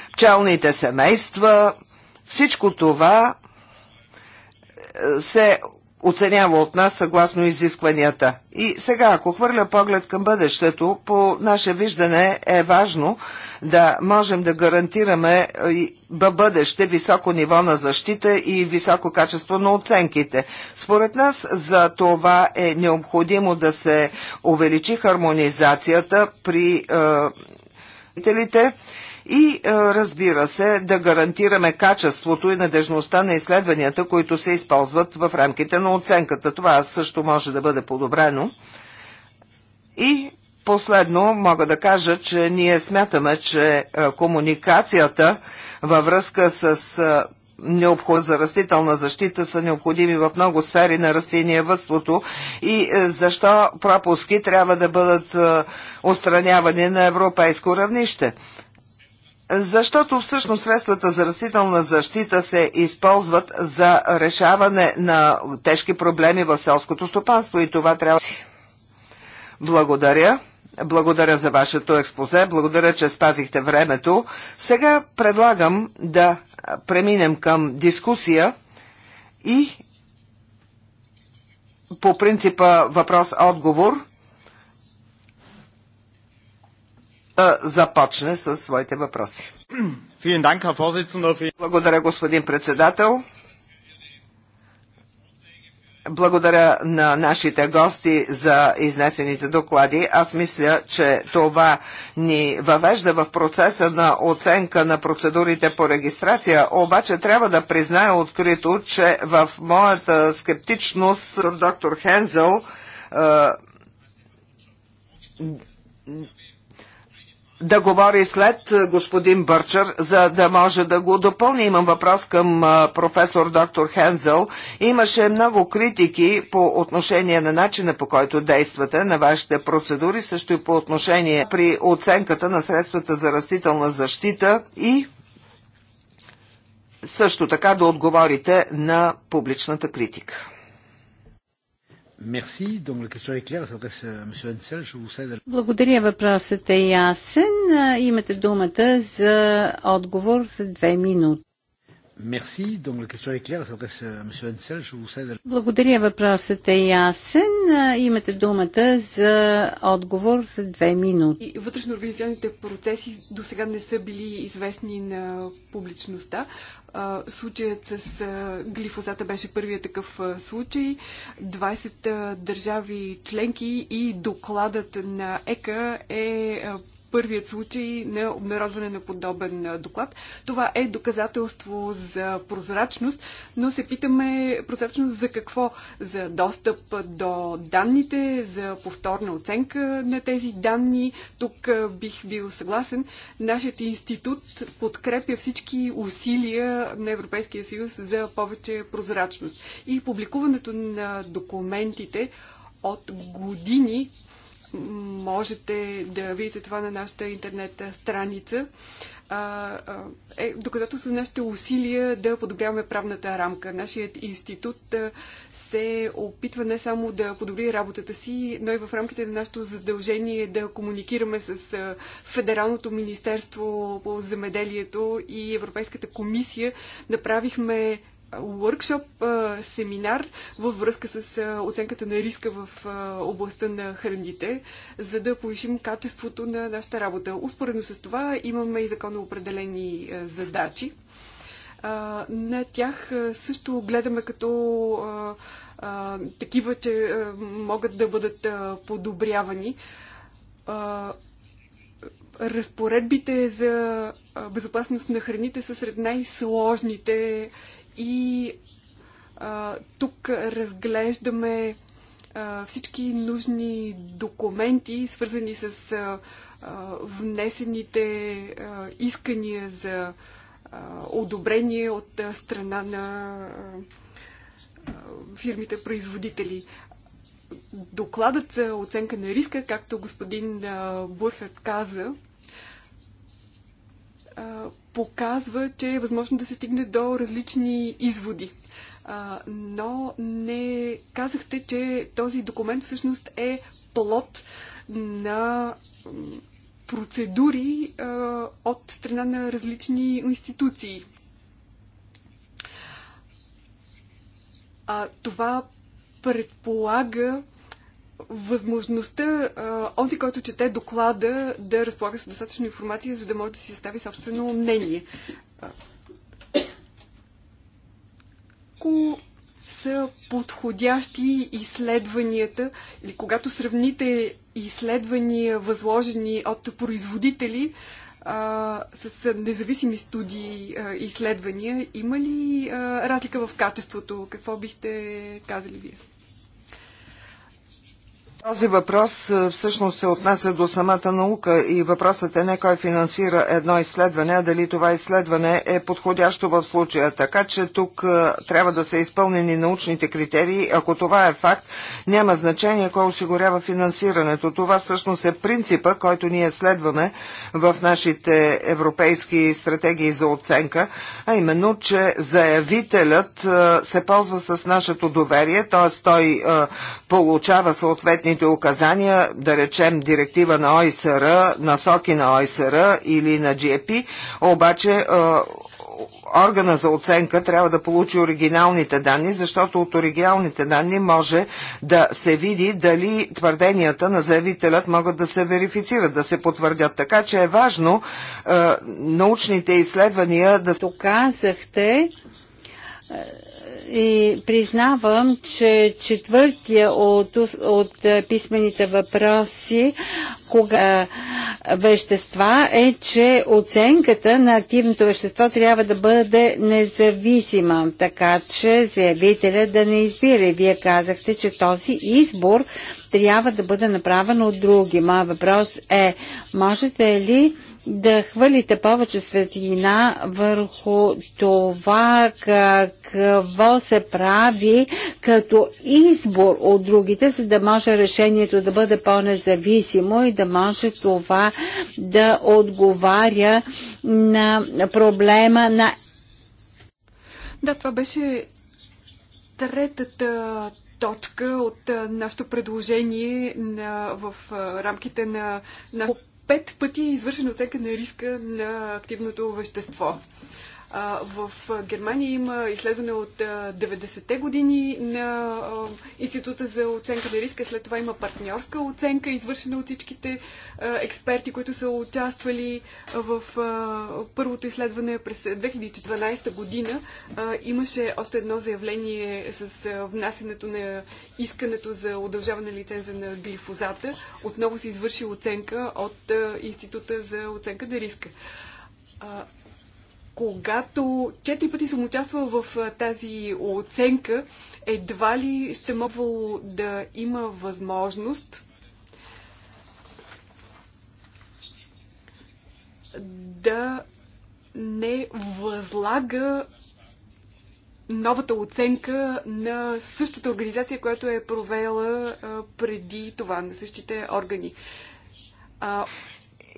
е, пчелните семейства. Всичко това е, се оценява от нас съгласно изискванията. И сега, ако хвърля поглед към бъдещето, по наше виждане е важно да можем да гарантираме в бъдеще високо ниво на защита и високо качество на оценките. Според нас за това е необходимо да се увеличи хармонизацията при е, и е, разбира се да гарантираме качеството и надежността на изследванията, които се използват в рамките на оценката. Това също може да бъде подобрено. И последно мога да кажа, че ние смятаме, че е, комуникацията във връзка с е, необход за растителна защита са необходими в много сфери на растениевътството и защо пропуски трябва да бъдат устранявани на европейско равнище защото всъщност средствата за растителна защита се използват за решаване на тежки проблеми в селското стопанство и това трябва. Благодаря. Благодаря за вашето експозе. Благодаря, че спазихте времето. Сега предлагам да преминем към дискусия и по принципа въпрос-отговор започне с своите въпроси. Благодаря, господин председател. Благодаря на нашите гости за изнесените доклади. Аз мисля, че това ни въвежда в процеса на оценка на процедурите по регистрация, обаче трябва да призная открито, че в моята скептичност доктор Хензел е, да говори след е, господин Бърчър, за да може да го допълни. Имам въпрос към е, професор доктор Хензел. Имаше много критики по отношение на начина по който действате на вашите процедури, също и по отношение при оценката на средствата за растителна защита и също така да отговорите на публичната критика. Благодаря, въпросът е ясен. Имате думата за отговор за две минути. Благодаря, въпросът е ясен. Имате думата за отговор за две минути. Вътрешно-организационните процеси до сега не са били известни на публичността. Случаят с глифозата беше първият такъв случай. 20 държави членки и докладът на ЕКА е първият случай на обнародване на подобен доклад. Това е доказателство за прозрачност, но се питаме прозрачност за какво? За достъп до данните, за повторна оценка на тези данни. Тук бих бил съгласен. Нашият институт подкрепя всички усилия на Европейския съюз за повече прозрачност. И публикуването на документите от години можете да видите това на нашата интернет страница. Е докато са нашите усилия да подобряваме правната рамка. Нашият институт се опитва не само да подобри работата си, но и в рамките на нашето задължение да комуникираме с Федералното министерство по земеделието и Европейската комисия. Направихме workshop, семинар във връзка с оценката на риска в областта на храните, за да повишим качеството на нашата работа. Успоредно с това имаме и законно определени задачи. На тях също гледаме като такива, че могат да бъдат подобрявани разпоредбите за безопасност на храните са сред най-сложните и а, тук разглеждаме а, всички нужни документи, свързани с а, а, внесените а, искания за а, одобрение от а, страна на а, фирмите производители. Докладът за оценка на риска, както господин Бурхард каза, показва, че е възможно да се стигне до различни изводи. но не казахте, че този документ всъщност е плод на процедури от страна на различни институции. А, това предполага възможността а, онзи, който чете доклада, да разполага с достатъчно информация, за да може да си състави собствено мнение. Ако са подходящи изследванията или когато сравните изследвания, възложени от производители а, с независими студии и изследвания, има ли а, разлика в качеството? Какво бихте казали вие? Този въпрос е, всъщност се отнася до самата наука и въпросът е не кой финансира едно изследване, а дали това изследване е подходящо в случая. Така че тук е, трябва да са изпълнени научните критерии. Ако това е факт, няма значение кой осигурява финансирането. Това всъщност е принципа, който ние следваме в нашите европейски стратегии за оценка, а именно, че заявителят е, се ползва с нашето доверие, т.е. той получава съответни съответните указания, да речем директива на ОИСР, насоки на ОИСР или на GEP, обаче е, органа за оценка трябва да получи оригиналните данни, защото от оригиналните данни може да се види дали твърденията на заявителят могат да се верифицират, да се потвърдят. Така че е важно е, научните изследвания да... Доказахте, е, и признавам, че четвъртия от, от е, писмените въпроси кога е, вещества е, че оценката на активното вещество трябва да бъде независима, така че заявителя да не избира. И вие казахте, че този избор трябва да бъде направен от други. Моя въпрос е, можете ли да хвърлите повече светлина върху това какво се прави като избор от другите, за да може решението да бъде по-независимо и да може това да отговаря на проблема на. Да, това беше третата точка от нашето предложение на, в рамките на, на пет пъти извършена оценка на риска на активното вещество. В Германия има изследване от 90-те години на Института за оценка на риска. След това има партньорска оценка, извършена от всичките експерти, които са участвали в първото изследване през 2012 година. Имаше още едно заявление с внасянето на искането за удължаване лиценза на глифозата. Отново се извърши оценка от Института за оценка на риска когато четири пъти съм участвала в тази оценка, едва ли ще мога да има възможност да не възлага новата оценка на същата организация, която е провела преди това, на същите органи.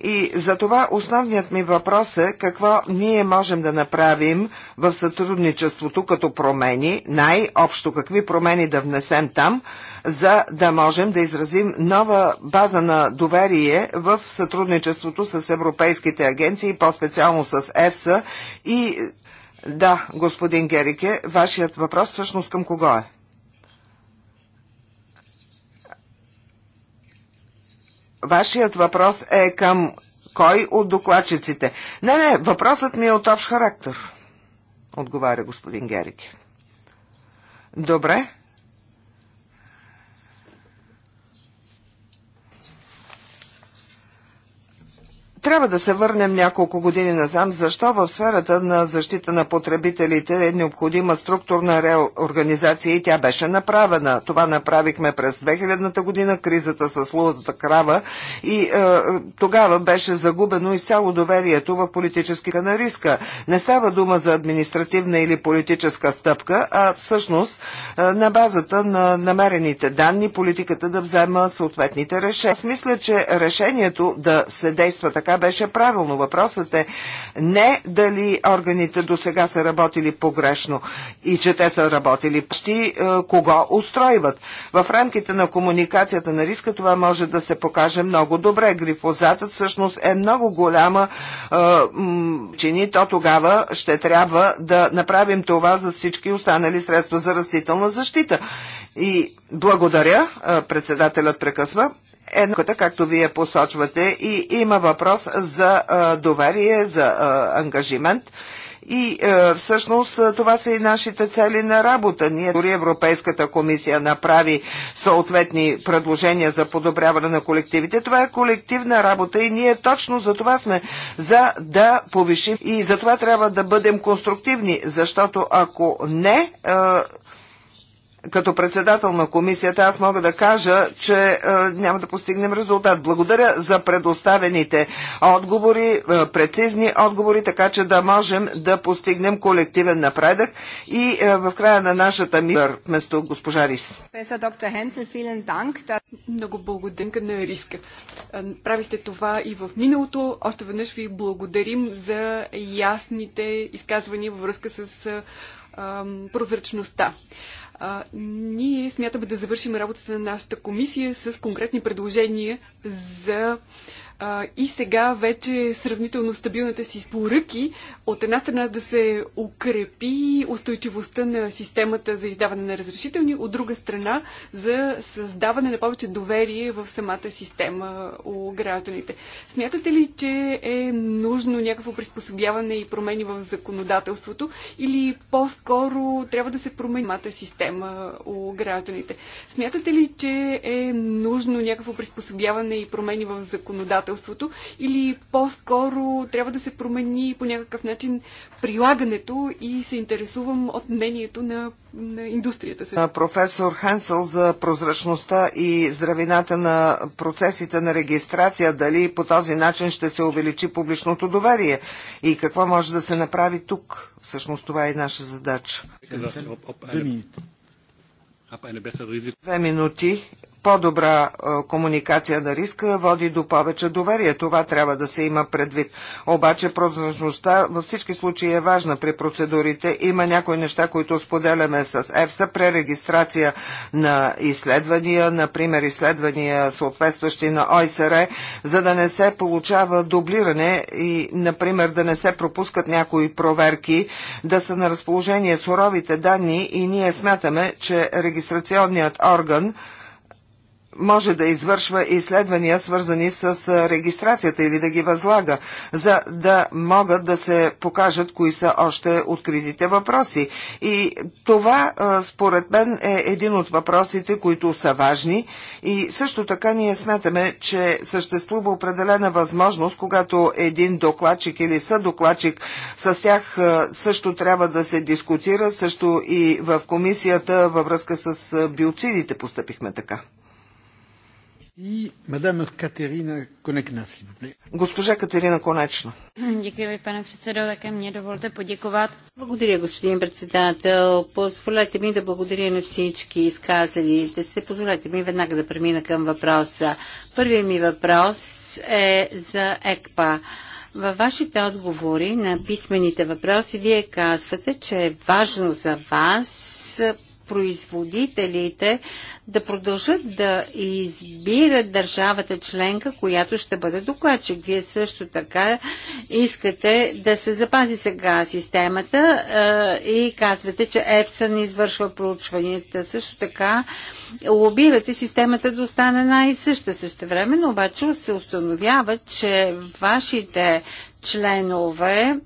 И за това основният ми въпрос е какво ние можем да направим в сътрудничеството като промени, най-общо какви промени да внесем там, за да можем да изразим нова база на доверие в сътрудничеството с европейските агенции, по-специално с ЕФСА. И да, господин Герике, вашият въпрос всъщност към кого е? Вашият въпрос е към кой от докладчиците? Не, не, въпросът ми е от общ характер, отговаря господин Герики. Добре, Трябва да се върнем няколко години назад, защо в сферата на защита на потребителите е необходима структурна реорганизация и тя беше направена. Това направихме през 2000-та година, кризата с лузата крава и е, тогава беше загубено изцяло доверието в политически на риска. Не става дума за административна или политическа стъпка, а всъщност е, на базата на намерените данни политиката да взема съответните решения. Аз мисля, че решението да се действа така така беше правилно. Въпросът е не дали органите до сега са работили погрешно и че те са работили почти е, кого устройват. В рамките на комуникацията на риска това може да се покаже много добре. Грифозатът всъщност е много голяма е, чини, то тогава ще трябва да направим това за всички останали средства за растителна защита. И благодаря, е, председателят прекъсва едноката, както вие посочвате, и има въпрос за доверие, за ангажимент. И е, всъщност това са и нашите цели на работа. Ние дори Европейската комисия направи съответни предложения за подобряване на колективите. Това е колективна работа и ние точно за това сме за да повишим. И за това трябва да бъдем конструктивни, защото ако не, е, като председател на комисията аз мога да кажа, че е, няма да постигнем резултат. Благодаря за предоставените отговори, е, прецизни отговори, така че да можем да постигнем колективен напредък и е, в края на нашата мир вместо госпожа Рис. Много благодаря на риска. Е, правихте това и в миналото. Още веднъж ви благодарим за ясните изказвания във връзка с е, прозрачността. А, ние смятаме да завършим работата на нашата комисия с конкретни предложения за а, и сега вече сравнително стабилната си поръки от една страна да се укрепи устойчивостта на системата за издаване на разрешителни, от друга страна за създаване на повече доверие в самата система у гражданите. Смятате ли, че е нужно някакво приспособяване и промени в законодателството или по-скоро трябва да се промени самата система у гражданите? Смятате ли, че е нужно някакво приспособяване и промени в законодателството законодателството или по-скоро трябва да се промени по някакъв начин прилагането и се интересувам от мнението на, на индустрията. Се. Професор Хенсел за прозрачността и здравината на процесите на регистрация, дали по този начин ще се увеличи публичното доверие и какво може да се направи тук. Всъщност това е наша задача. Две минути по-добра е, комуникация на риска води до повече доверие. Това трябва да се има предвид. Обаче прозрачността във всички случаи е важна при процедурите. Има някои неща, които споделяме с ЕФСА, пререгистрация на изследвания, например изследвания съответстващи на ОСР, за да не се получава дублиране и, например, да не се пропускат някои проверки, да са на разположение суровите данни и ние смятаме, че регистрационният орган може да извършва изследвания, свързани с регистрацията или да ги възлага, за да могат да се покажат кои са още откритите въпроси. И това, според мен, е един от въпросите, които са важни. И също така ние смятаме, че съществува определена възможност, когато един докладчик или съдокладчик с тях също трябва да се дискутира, също и в комисията във връзка с биоцидите постъпихме така. И мадам Катерина Госпожа Катерина Конечна. ви, пане така ми подяковат. Благодаря, господин председател. Позволете ми да благодаря на всички Да се. Позволете ми веднага да премина към въпроса. Първият ми въпрос е за ЕКПА. Във вашите отговори на писмените въпроси вие казвате, че е важно за вас производителите да продължат да избират държавата членка, която ще бъде докладчик. Вие също така искате да се запази сега системата е, и казвате, че ЕФСАН извършва проучванията. Също така лобирате системата да остане най-съща. Също време, обаче се установява, че вашите членове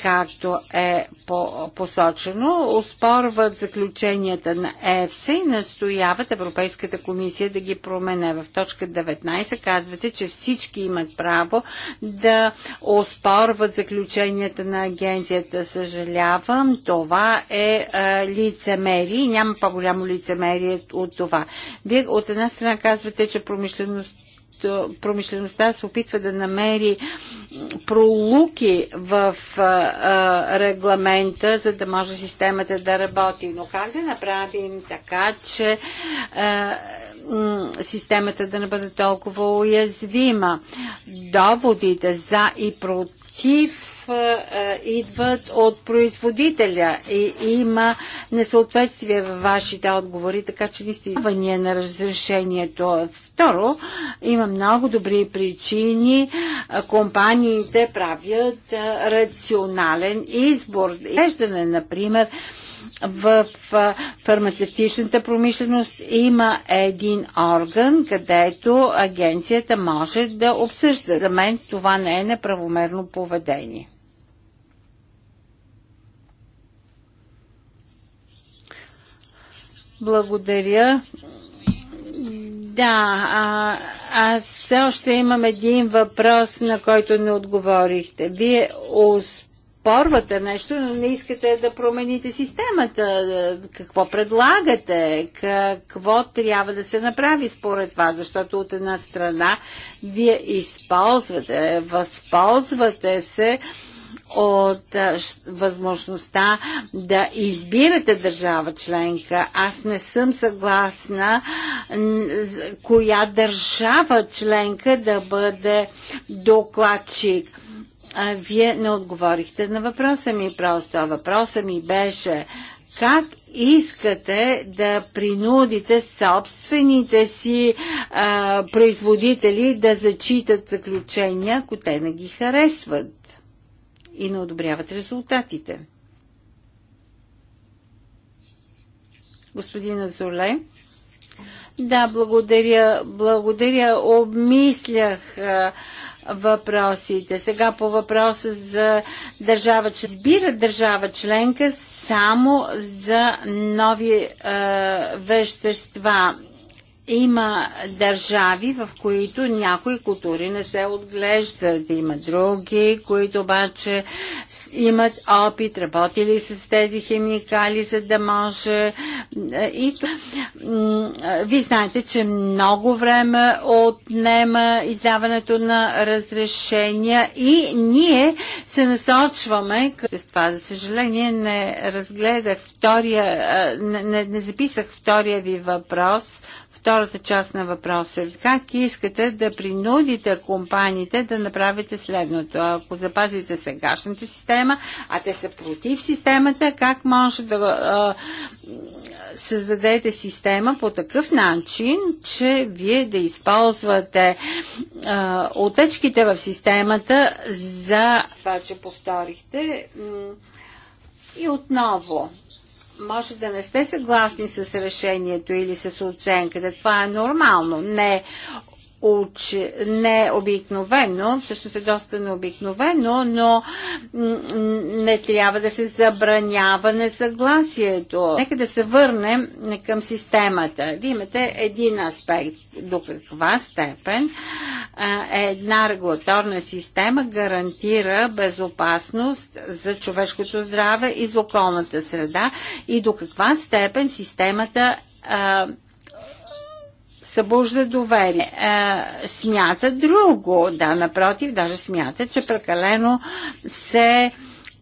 както е посочено, оспорват заключенията на ЕФС и настояват Европейската комисия да ги промене. В точка 19 казвате, че всички имат право да оспорват заключенията на агенцията. Съжалявам, това е, е лицемерие. Няма по-голямо лицемерие от това. Вие от една страна казвате, че промишлеността промишлеността се опитва да намери пролуки в а, регламента, за да може системата да работи. Но как да направим така, че а, системата да не бъде толкова уязвима? Доводите за и против идват от производителя и има несъответствие във вашите отговори, така че наистина на разрешението Второ, има много добри причини компаниите правят рационален избор. Изглеждане, например, в фармацевтичната промишленост има един орган, където агенцията може да обсъжда. За мен това не е неправомерно поведение. Благодаря. Да, а, аз все още имам един въпрос, на който не отговорихте. Вие успорвате нещо, но не искате да промените системата. Какво предлагате? Какво трябва да се направи според вас? Защото от една страна вие използвате, възползвате се от възможността да избирате държава членка. Аз не съм съгласна коя държава членка да бъде докладчик. вие не отговорихте на въпроса ми просто. въпроса ми беше как искате да принудите собствените си а, производители да зачитат заключения, ако те не ги харесват и не одобряват резултатите. Господина Золе. Да, благодаря. Благодаря. Обмислях а, въпросите. Сега по въпроса за държава, че избира държава членка само за нови а, вещества има държави, в които някои култури не се отглеждат. Има други, които обаче имат опит, работили с тези химикали, за да може. Е, и... Вие знаете, че много време отнема издаването на разрешения и ние се насочваме към това. За съжаление не разгледах втория, е, не, не записах втория ви въпрос. Втория втората част на въпроса. Как искате да принудите компаниите да направите следното? Ако запазите сегашната система, а те са против системата, как може да а, създадете система по такъв начин, че вие да използвате а, отечките в системата за това, че повторихте? И отново, може да не сте съгласни с решението или с оценката. Това е нормално. Не не е обикновено, всъщност е доста необикновено, но не трябва да се забранява несъгласието. Нека да се върнем към системата. Вие имате един аспект. До каква степен е една регулаторна система гарантира безопасност за човешкото здраве и за околната среда и до каква степен системата събужда доверие. Е, смята друго, да, напротив, даже смята, че прекалено се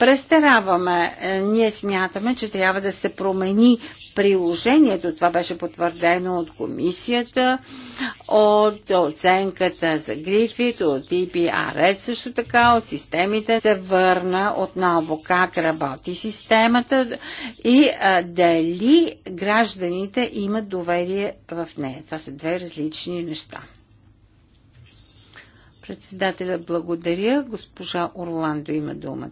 престараваме. Е, ние смятаме, че трябва да се промени приложението. Това беше потвърдено от комисията, от оценката за Грифит, от EPRS също така, от системите. Се върна отново как работи системата и а, е, дали гражданите имат доверие в нея. Това са две различни неща. Председателя благодаря. Госпожа Орландо има думата.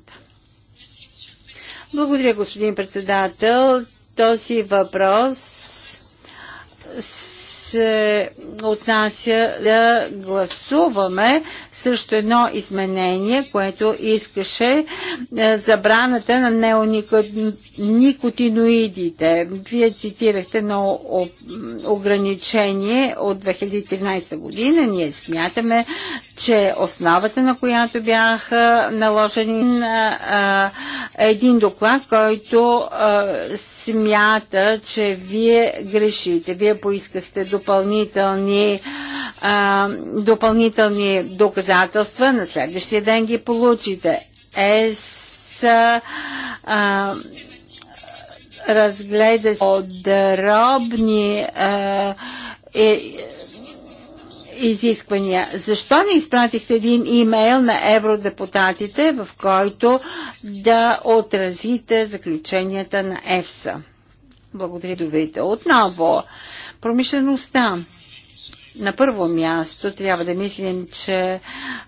Благодаря, господин председател. Този въпрос се отнася да гласуваме също едно изменение, което искаше е, забраната на неоникотиноидите. Вие цитирахте едно ограничение от 2013 година. Ние смятаме, че основата на която бяха наложени на е, е, един доклад, който смята, че вие грешите. Вие поискахте доклад допълнителни, а, допълнителни доказателства. На следващия ден ги получите. Е, с, а, разгледа подробни а, е, изисквания. Защо не изпратихте един имейл на евродепутатите, в който да отразите заключенията на ЕФСА? Благодаря довите. Отново, промишлеността. На първо място трябва да мислим, че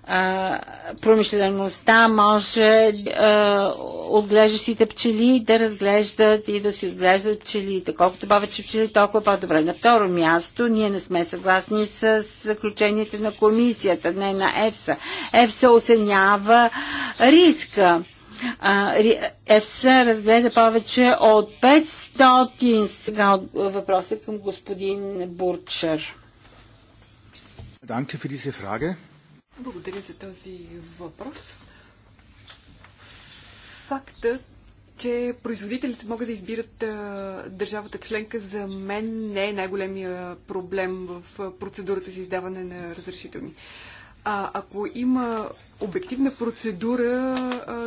а, промишлеността може отглеждащите пчели да разглеждат и да си отглеждат пчелите. Колкото повече пчели, толкова по-добре. На второ място, ние не сме съгласни с заключенията на комисията, не на ЕФСА. ЕФСА оценява риска ЕФСА разгледа повече от 500 сега от въпроса е към господин Бурчер. Благодаря за този въпрос. Факта, че производителите могат да избират държавата членка, за мен не е най-големия проблем в процедурата за издаване на разрешителни. А, ако има обективна процедура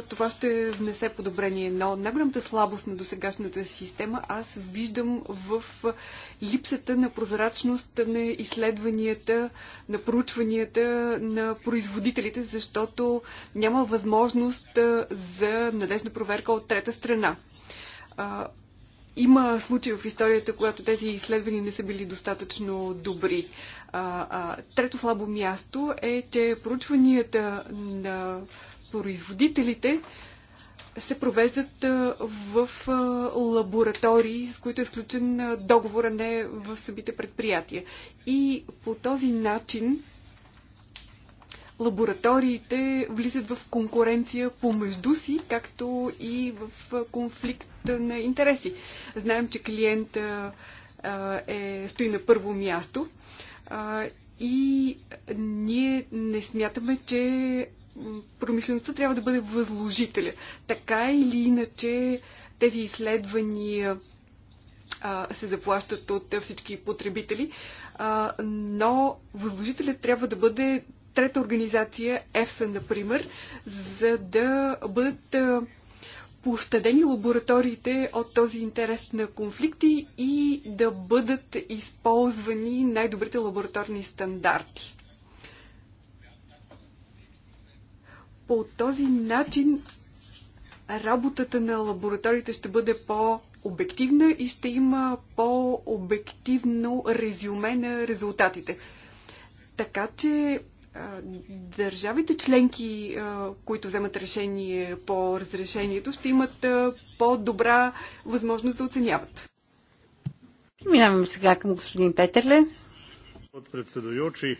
това ще внесе подобрение. Но най-голямата слабост на досегашната система аз виждам в липсата на прозрачност на изследванията, на проучванията на производителите, защото няма възможност за надежна проверка от трета страна. има случаи в историята, когато тези изследвания не са били достатъчно добри трето слабо място е, че проучванията на производителите се провеждат в лаборатории, с които е изключен договор, а не в самите предприятия. И по този начин лабораториите влизат в конкуренция помежду си, както и в конфликт на интереси. Знаем, че клиент е, стои на първо място и ние не смятаме, че промишлеността трябва да бъде възложителя. Така или иначе тези изследвания се заплащат от всички потребители, но възложителят трябва да бъде трета организация, ЕФСА, например, за да бъдат Пощадени лабораториите от този интерес на конфликти и да бъдат използвани най-добрите лабораторни стандарти. По този начин работата на лабораториите ще бъде по-обективна и ще има по-обективно резюме на резултатите. Така че държавите членки, които вземат решение по разрешението, ще имат по-добра възможност да оценяват. Минаваме сега към господин Петерле. От председуючи,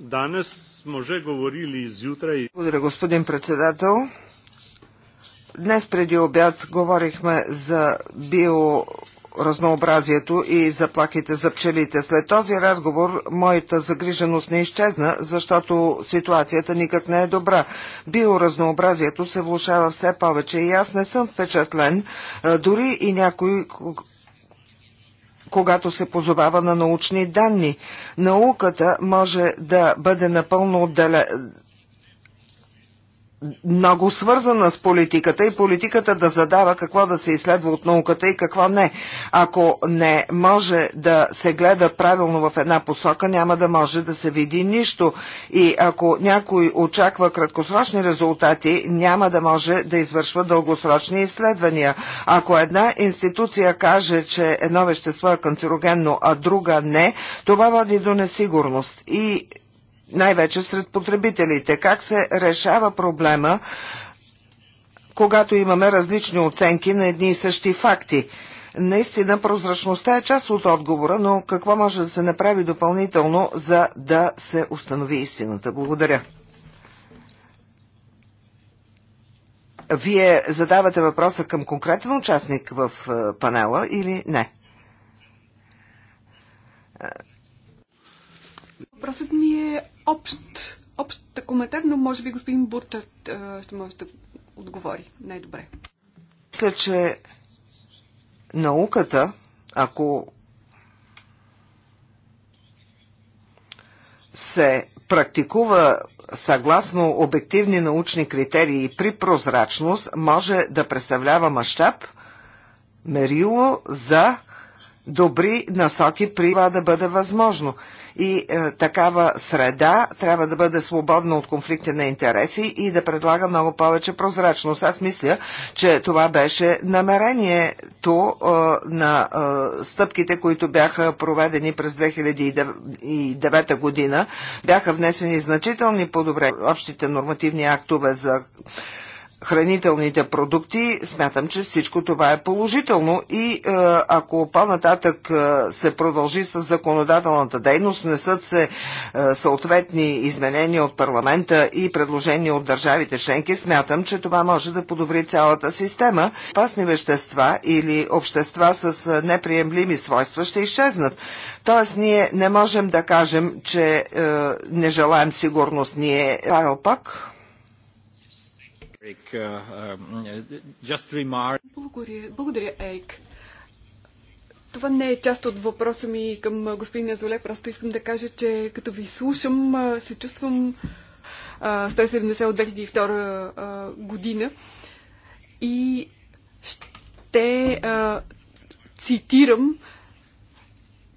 данес сме же говорили изютра. Благодаря, господин председател. Днес преди обяд говорихме за био разнообразието и заплахите за пчелите. След този разговор моята загриженост не изчезна, защото ситуацията никак не е добра. Биоразнообразието се влушава все повече и аз не съм впечатлен, дори и някой когато се позовава на научни данни. Науката може да бъде напълно отделена много свързана с политиката и политиката да задава какво да се изследва от науката и какво не. Ако не може да се гледа правилно в една посока, няма да може да се види нищо. И ако някой очаква краткосрочни резултати, няма да може да извършва дългосрочни изследвания. Ако една институция каже, че едно вещество е канцерогенно, а друга не, това води до несигурност. И най-вече сред потребителите. Как се решава проблема, когато имаме различни оценки на едни и същи факти? Наистина прозрачността е част от отговора, но какво може да се направи допълнително, за да се установи истината? Благодаря. Вие задавате въпроса към конкретен участник в е, панела или не? Въпросът ми е общ, общ коментар, но може би господин Бурчарт ще може да отговори най-добре. Мисля, че науката, ако се практикува съгласно обективни научни критерии при прозрачност, може да представлява мащаб, мерило за добри насоки при това да бъде възможно и е, такава среда трябва да бъде свободна от конфликти на интереси и да предлага много повече прозрачност. Аз мисля, че това беше намерението е, на е, стъпките, които бяха проведени през 2009 година. Бяха внесени значителни подобрения общите нормативни актове за хранителните продукти, смятам, че всичко това е положително и е, ако по-нататък е, се продължи с законодателната дейност, внесат се е, съответни изменения от парламента и предложения от държавите членки, смятам, че това може да подобри цялата система. Пасни вещества или общества с неприемлими свойства ще изчезнат. Тоест, ние не можем да кажем, че е, не желаем сигурност. Ние, Павел Пак, благодаря, благодаря Ейк. Това не е част от въпроса ми към господин Азоле. Просто искам да кажа, че като ви слушам, се чувствам 170 от 2002 година и ще цитирам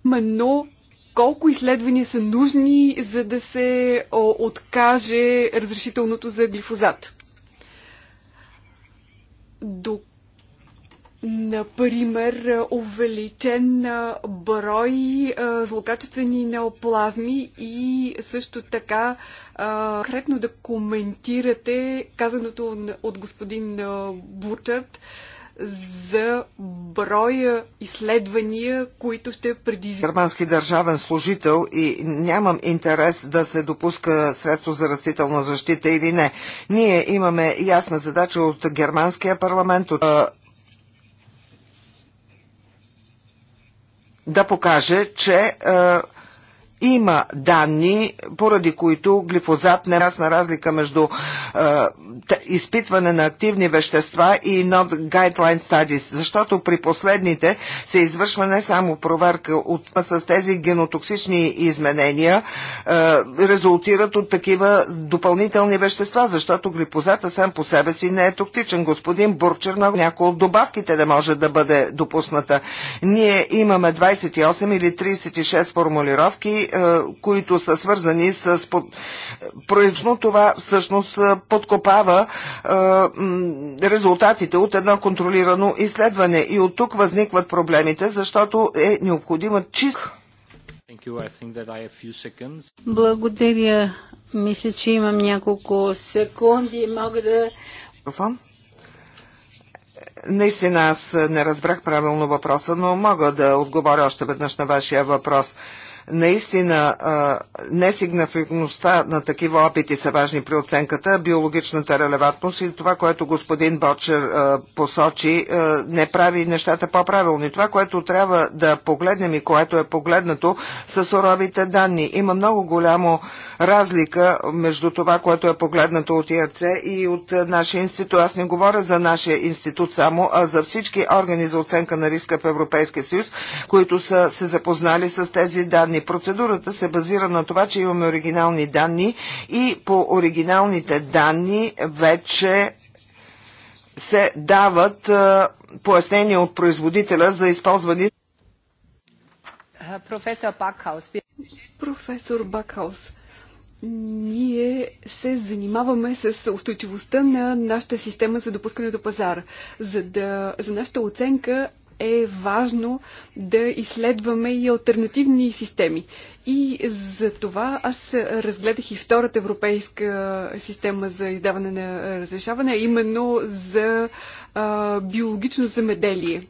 Мано колко изследвания са нужни, за да се откаже разрешителното за глифозат до например, увеличен брой злокачествени неоплазми и също така конкретно да коментирате казаното от господин Бучът за броя изследвания, които ще предизвикат. Германски държавен служител и нямам интерес да се допуска средство за растителна защита или не. Ние имаме ясна задача от германския парламент, от да покаже, че е, има данни, поради които глифозат не разна е разлика между е, изпитване на активни вещества и not guideline studies, защото при последните се извършва не само проверка от, с тези генотоксични изменения, е, резултират от такива допълнителни вещества, защото глифозата сам по себе си не е токтичен. Господин Бурчер на някои от добавките не може да бъде допусната. Ние имаме 28 или 36 формулировки, е, които са свързани с под... произно това всъщност е, подкопава е, резултатите от едно контролирано изследване. И от тук възникват проблемите, защото е необходима чист. Благодаря. Мисля, че имам няколко секунди и мога да... Наистина аз не разбрах правилно въпроса, но мога да отговоря още веднъж на вашия въпрос. Наистина, несигнафикността на такива опити са важни при оценката, биологичната релевантност и това, което господин Бочер посочи, не прави нещата по-правилни. Това, което трябва да погледнем и което е погледнато с суровите данни. Има много голямо разлика между това, което е погледнато от ИРЦ и от нашия институт. Аз не говоря за нашия институт само, а за всички органи за оценка на риска в Европейския съюз, които са се запознали с тези данни данни. Процедурата се базира на това, че имаме оригинални данни и по оригиналните данни вече се дават е, пояснения от производителя за използване. Професор Бакхаус. Професор Бакхаус, ние се занимаваме с устойчивостта на нашата система за допускане до пазара. За, да, за нашата оценка е важно да изследваме и альтернативни системи. И за това аз разгледах и втората европейска система за издаване на разрешаване, именно за а, биологично замеделие.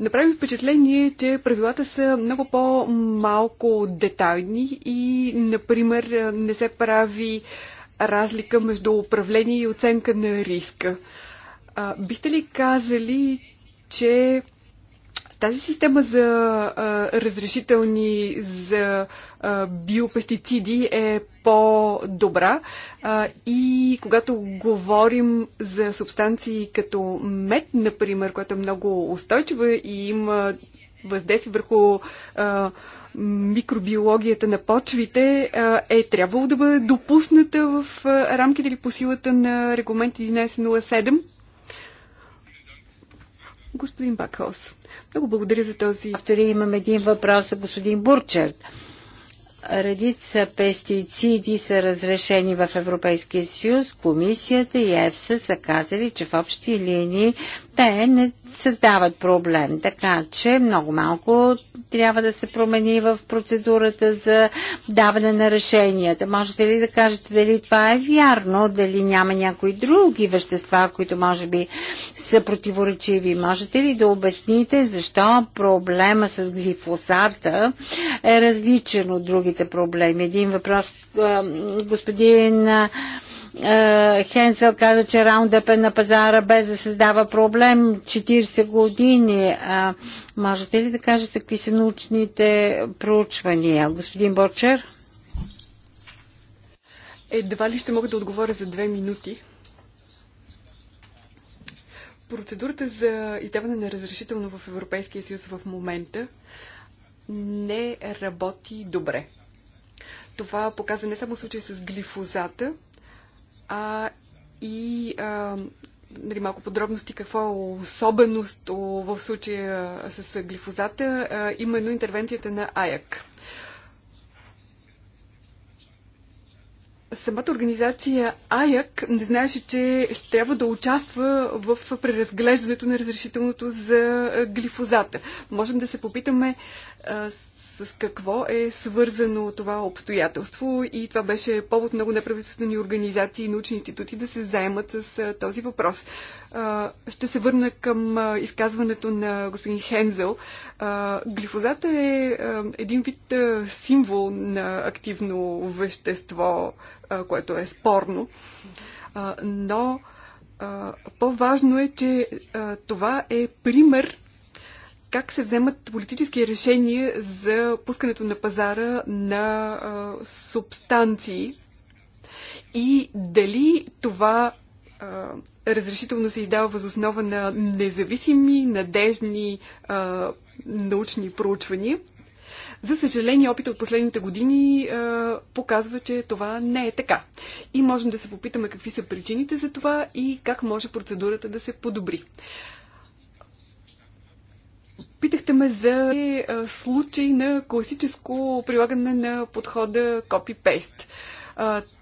Направи впечатление, че правилата са много по-малко детайлни и, например, не се прави разлика между управление и оценка на риска. А, бихте ли казали, че тази система за а, разрешителни за а, биопестициди е по-добра и когато говорим за субстанции като мед, например, която е много устойчива и има въздействие върху а, микробиологията на почвите е трябвало да бъде допусната в рамките или по силата на регламент 1107 господин Бакхос. Много благодаря за този... Автори имам един въпрос за господин Бурчерт. Редица пестициди са разрешени в Европейския съюз. Комисията и ЕФСА са казали, че в общи линии те не създават проблем. Така че много малко трябва да се промени в процедурата за даване на решенията. Можете ли да кажете дали това е вярно, дали няма някои други вещества, които може би са противоречиви? Можете ли да обясните защо проблема с глифосата е различен от другите? техните проблеми. Един въпрос, господин Хенсел каза, че раундъп е на пазара без да създава проблем 40 години. А, можете ли да кажете какви са научните проучвания? Господин Борчер? Едва ли ще мога да отговоря за две минути. Процедурата за издаване на разрешително в Европейския съюз в момента не работи добре. Това показа не само случай с глифозата, а и а, нали, малко подробности какво е особеност в случая с глифозата, а, именно интервенцията на АЯК. самата организация АЯК не знаеше, че ще трябва да участва в преразглеждането на разрешителното за глифозата. Можем да се попитаме с какво е свързано това обстоятелство и това беше повод много неправителствени организации и научни институти да се заемат с този въпрос. Ще се върна към изказването на господин Хензел. Глифозата е един вид символ на активно вещество, което е спорно, но по-важно е, че това е пример как се вземат политически решения за пускането на пазара на а, субстанции и дали това а, разрешително се издава възоснова на независими, надежни а, научни проучвания. За съжаление, опита от последните години е, показва, че това не е така. И можем да се попитаме какви са причините за това и как може процедурата да се подобри. Питахте ме за е, случай на класическо прилагане на подхода копи-пейст.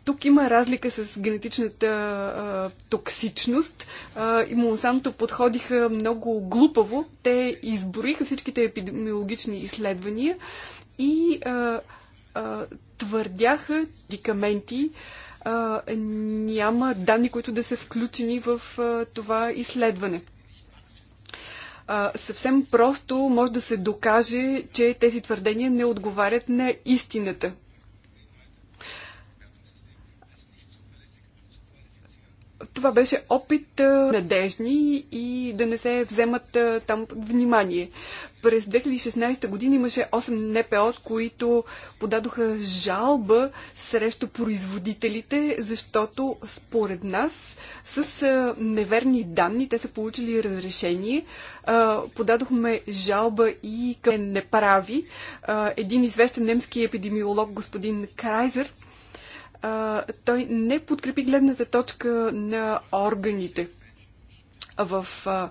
Тук има разлика с генетичната а, токсичност а, и Монсанто подходиха много глупаво. Те изброиха всичките епидемиологични изследвания и а, а, твърдяха дикаменти, а, няма данни, които да са включени в а, това изследване а, съвсем просто може да се докаже, че тези твърдения не отговарят на истината. това беше опит надежни и да не се вземат там внимание. През 2016 година имаше 8 НПО, които подадоха жалба срещу производителите, защото според нас с неверни данни те са получили разрешение. Подадохме жалба и към е неправи. Един известен немски епидемиолог, господин Крайзер, а, той не подкрепи гледната точка на органите. В а,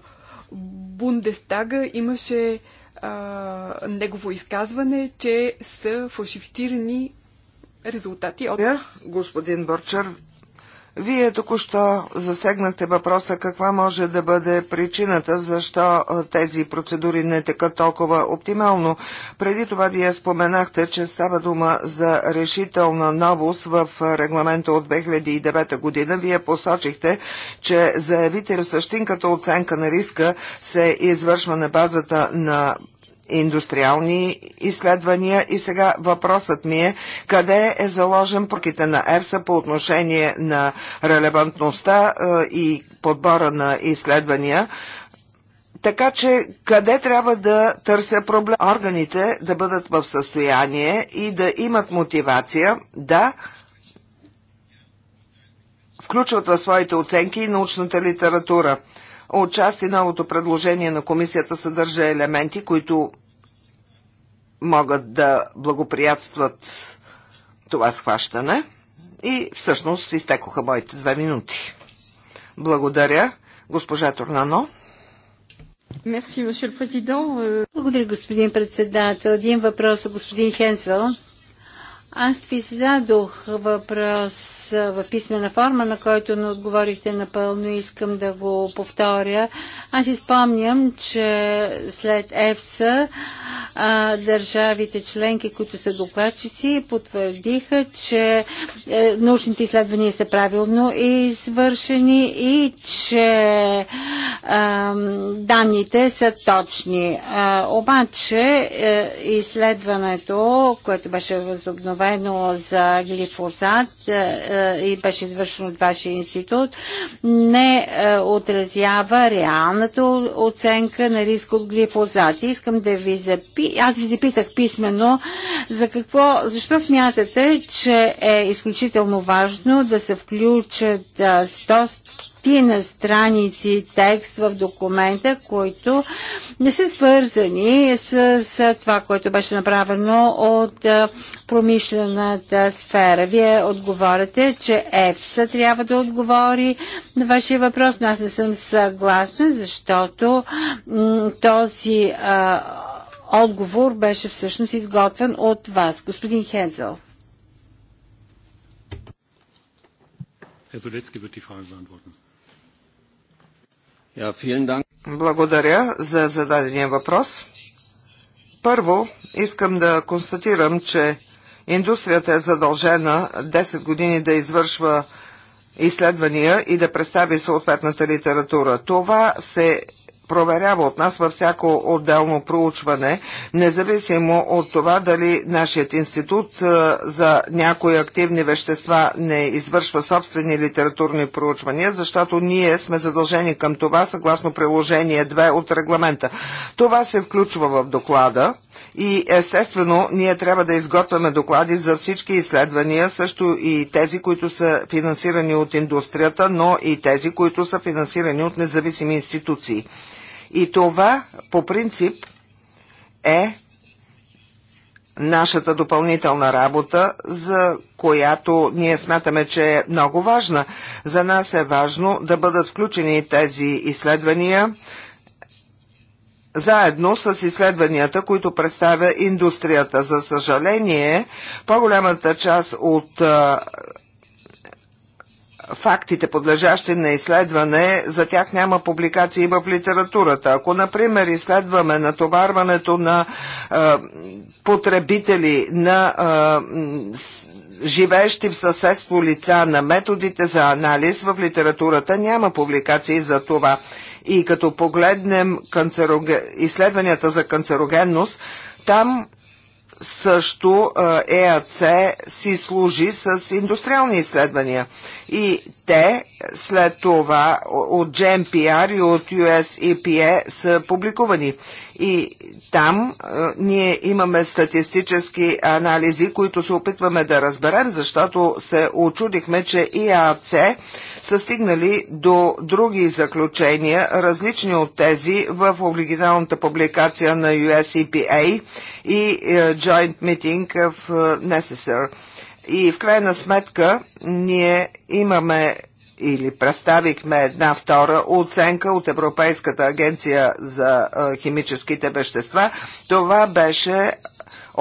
Бундестага имаше а, негово изказване, че са фалшифицирани резултати от... Господин Борчар, вие току-що засегнахте въпроса каква може да бъде причината, защо тези процедури не текат толкова оптимално. Преди това вие споменахте, че става дума за решителна новост в регламента от 2009 година. Вие посочихте, че заявите същинката оценка на риска се извършва на базата на индустриални изследвания и сега въпросът ми е къде е заложен проките на ЕФСА по отношение на релевантността е, и подбора на изследвания. Така че къде трябва да търся проблем? Органите да бъдат в състояние и да имат мотивация да включват в своите оценки и научната литература. Отчасти новото предложение на комисията съдържа елементи, които могат да благоприятстват това схващане. И всъщност изтекоха моите две минути. Благодаря, госпожа Торнано. Благодаря, господин председател. Един въпрос за господин Хенсел. Аз ви зададох въпрос в писмена форма, на който не отговорихте напълно и искам да го повторя. Аз изпомням, че след ЕФСА държавите членки, които са докладчици, потвърдиха, че е, научните изследвания са правилно извършени и че данните са точни. обаче е, изследването, което беше възобновено, установено за глифозат е, е, и беше извършено от вашия институт, не е, отразява реалната оценка на риск от глифозат. Искам да ви запи... Аз ви запитах писменно за какво, защо смятате, че е изключително важно да се включат 100 на страници текст в документа, които не са свързани с, с това, което беше направено от промишлената сфера. Вие отговаряте, че ЕФСА трябва да отговори на вашия въпрос, но аз не съм съгласна, защото този а, отговор беше всъщност изготвен от вас. Господин Хензел. Herr Solecki wird die Frage beantworten. Благодаря за зададения въпрос. Първо, искам да констатирам, че индустрията е задължена 10 години да извършва изследвания и да представи съответната литература. Това се проверява от нас във всяко отделно проучване, независимо от това дали нашият институт за някои активни вещества не извършва собствени литературни проучвания, защото ние сме задължени към това съгласно приложение 2 от регламента. Това се включва в доклада. И естествено, ние трябва да изготвяме доклади за всички изследвания, също и тези, които са финансирани от индустрията, но и тези, които са финансирани от независими институции. И това по принцип е нашата допълнителна работа, за която ние смятаме, че е много важна. За нас е важно да бъдат включени тези изследвания заедно с изследванията, които представя индустрията. За съжаление, по-голямата част от фактите, подлежащи на изследване, за тях няма публикации в литературата. Ако, например, изследваме натоварването на а, потребители на е, живеещи в съседство лица на методите за анализ в литературата няма публикации за това. И като погледнем канцероген... изследванията за канцерогенност, там също ЕАЦ си служи с индустриални изследвания. И те след това от GMPR и от US EPA са публикувани. И там е, ние имаме статистически анализи, които се опитваме да разберем, защото се очудихме, че ИАЦ са стигнали до други заключения, различни от тези в оригиналната публикация на USEPA и е, Joint Meeting of е, Necessar. И в крайна сметка ние имаме или представихме една втора оценка от Европейската агенция за е, химическите вещества. Това беше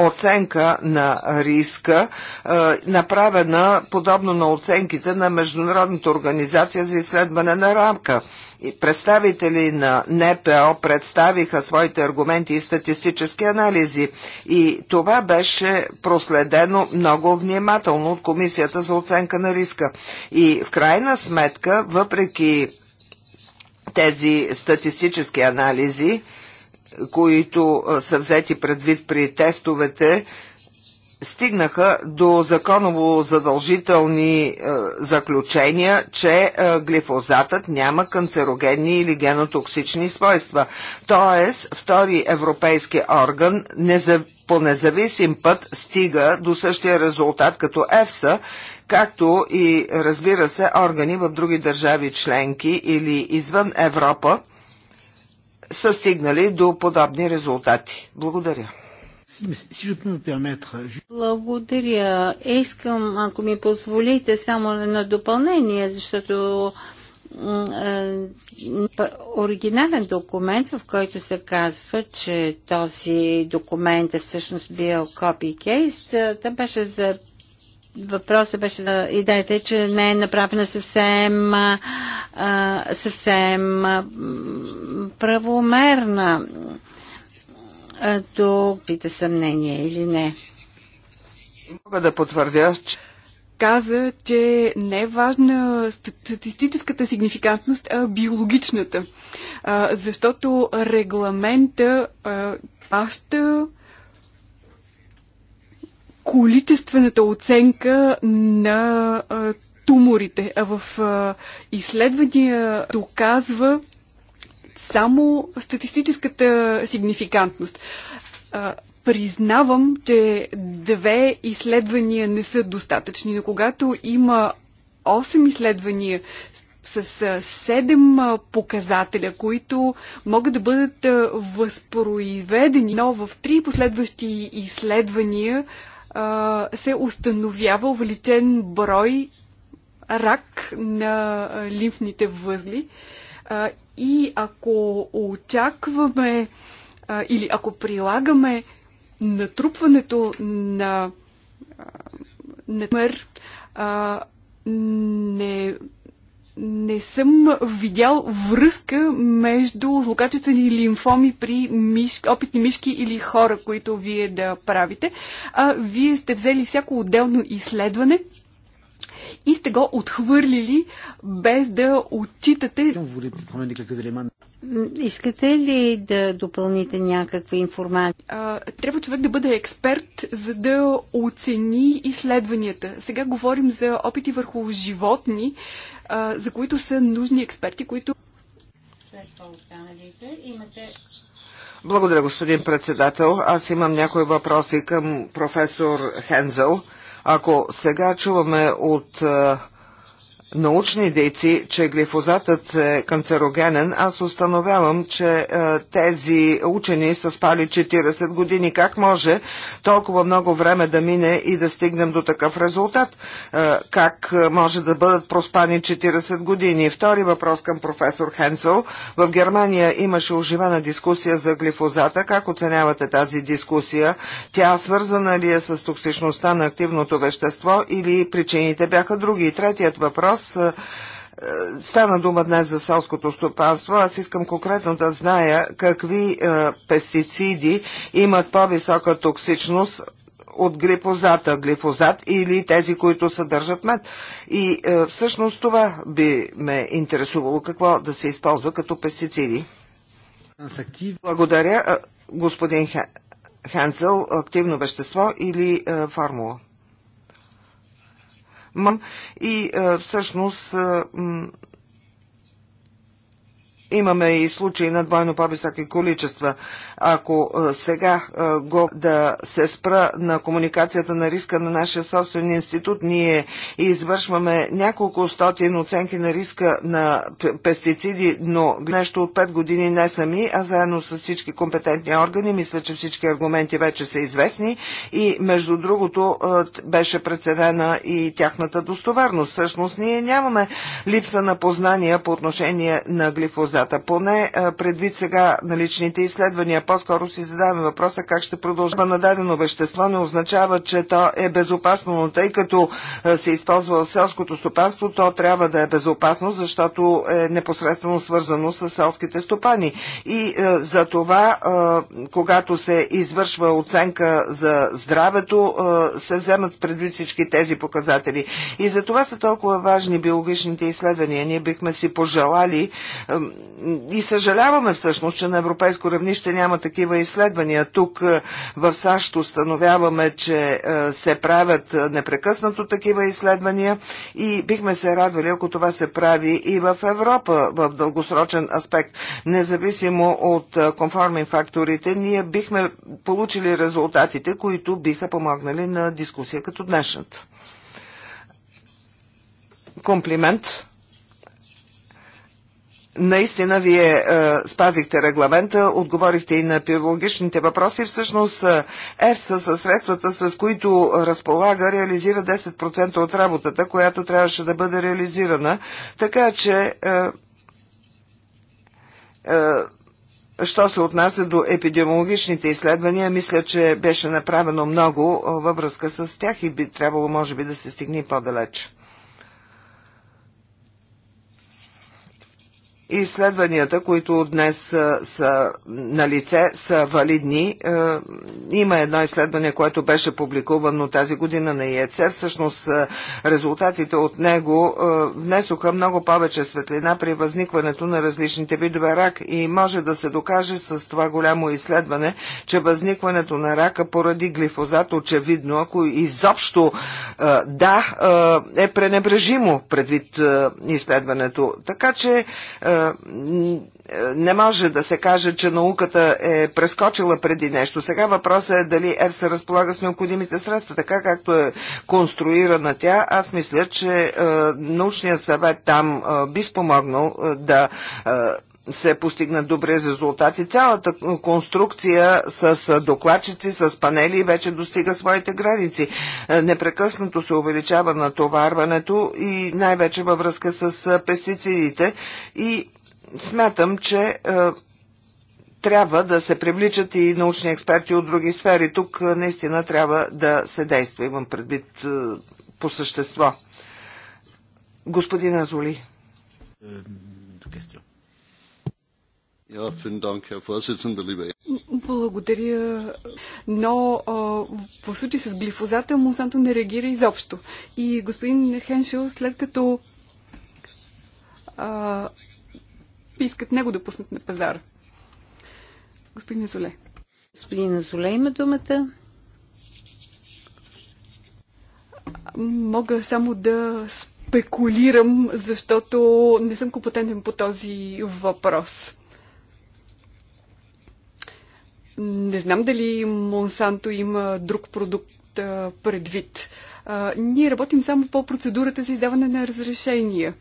оценка на риска, е, направена подобно на оценките на Международната организация за изследване на рамка. И представители на НПО представиха своите аргументи и статистически анализи и това беше проследено много внимателно от Комисията за оценка на риска. И в крайна сметка, въпреки тези статистически анализи, които са взети предвид при тестовете, стигнаха до законово задължителни заключения, че глифозатът няма канцерогенни или генотоксични свойства. Тоест, втори европейски орган не за, по независим път стига до същия резултат като ЕФСА, както и, разбира се, органи в други държави членки или извън Европа, са стигнали до подобни резултати. Благодаря. Благодаря. Искам, ако ми позволите, само на допълнение, защото е, оригинален документ, в който се казва, че този документ е всъщност бил копи-кейст, е, да беше за въпросът беше за идеята, че не е направена съвсем, съвсем правомерна до пита съмнение или не. Мога да потвърдя, че каза, че не е важна статистическата сигнификантност, а биологичната. А, защото регламента а, паща количествената оценка на а, туморите. А в а, изследвания доказва само статистическата сигнификантност. А, признавам, че две изследвания не са достатъчни, но когато има 8 изследвания с 7 показателя, които могат да бъдат възпроизведени, но в три последващи изследвания се установява увеличен брой рак на лимфните възли. И ако очакваме или ако прилагаме натрупването на, например, не не съм видял връзка между злокачествени лимфоми при миш, опитни мишки или хора, които вие да правите. А, вие сте взели всяко отделно изследване и сте го отхвърлили без да отчитате. Искате ли да допълните някаква информация? А, трябва човек да бъде експерт, за да оцени изследванията. Сега говорим за опити върху животни, а, за които са нужни експерти, които. След това останалите имате благодаря, господин председател. Аз имам някои въпроси към професор Хензел. Ако сега чуваме от е, научни дейци, че глифозатът е канцерогенен, аз установявам, че а, е, тези учени са спали 40 години. Как може толкова много време да мине и да стигнем до такъв резултат? Е, как е, може да бъдат проспани 40 години? Втори въпрос към професор Хенсел. В Германия имаше оживена дискусия за глифозата. Как оценявате тази дискусия? Тя свързана ли е с токсичността на активното вещество или причините бяха други? И третият въпрос е, Стана дума днес за селското стопанство. Аз искам конкретно да зная какви е, пестициди имат по-висока токсичност от глифозата, глифозат или тези, които съдържат мед. И е, всъщност това би ме интересувало какво да се използва като пестициди. Благодаря, е, господин Хензел, активно вещество или е, формула и е, всъщност е, имаме и случаи на двойно по-високи количества. Ако сега го да се спра на комуникацията на риска на нашия собствен институт, ние извършваме няколко стотин оценки на риска на пестициди, но нещо от 5 години не сами, а заедно с всички компетентни органи. Мисля, че всички аргументи вече са известни и между другото беше прецедена и тяхната достоверност. Всъщност ние нямаме липса на познания по отношение на глифозата. Поне предвид сега наличните изследвания по-скоро си задаваме въпроса как ще продължава на дадено вещество, не означава, че то е безопасно, но тъй като е, се използва в селското стопанство, то трябва да е безопасно, защото е непосредствено свързано с селските стопани. И е, за това, е, когато се извършва оценка за здравето, е, се вземат предвид всички тези показатели. И за това са толкова важни биологичните изследвания. Ние бихме си пожелали и съжаляваме всъщност, че на европейско равнище няма такива изследвания. Тук е, в САЩ установяваме, че е, се правят е, непрекъснато такива изследвания и бихме се радвали, ако това се прави и в Европа в дългосрочен аспект. Независимо от конформи факторите, ние бихме получили резултатите, които биха помогнали на дискусия като днешната. Комплимент. Наистина, вие е, спазихте регламента, отговорихте и на пирологичните въпроси. Всъщност е, ЕФСА със средствата, с които разполага, реализира 10% от работата, която трябваше да бъде реализирана. Така че, е, е, що се отнася до епидемиологичните изследвания, мисля, че беше направено много е, във връзка с тях и би трябвало, може би, да се стигне по-далеч. изследванията, които днес са, са на лице, са валидни. Е, има едно изследване, което беше публикувано тази година на ИЕЦ. Всъщност резултатите от него е, внесоха много повече светлина при възникването на различните видове рак и може да се докаже с това голямо изследване, че възникването на рака поради глифозат очевидно, ако изобщо е, да, е пренебрежимо предвид изследването. Така че е, не може да се каже, че науката е прескочила преди нещо. Сега въпросът е дали се разполага с необходимите средства. Така както е конструирана тя, аз мисля, че е, научният съвет там е, би спомогнал е, да се постигнат добри резултати. Цялата конструкция с докладчици, с панели вече достига своите граници. Непрекъснато се увеличава натоварването и най-вече във връзка с пестицидите и смятам, че трябва да се привличат и научни експерти от други сфери. Тук наистина трябва да се действа, имам предвид по същество. Господин Азоли. Благодаря, но в случай с глифозата Монсанто не реагира изобщо. И господин Хеншел, след като а, искат него да пуснат на пазара. Господин Азоле. Господин Азоле има думата. Мога само да спекулирам, защото не съм компетентен по този въпрос. Не знам дали Монсанто има друг продукт а, предвид. А, ние работим само по процедурата за издаване на разрешения.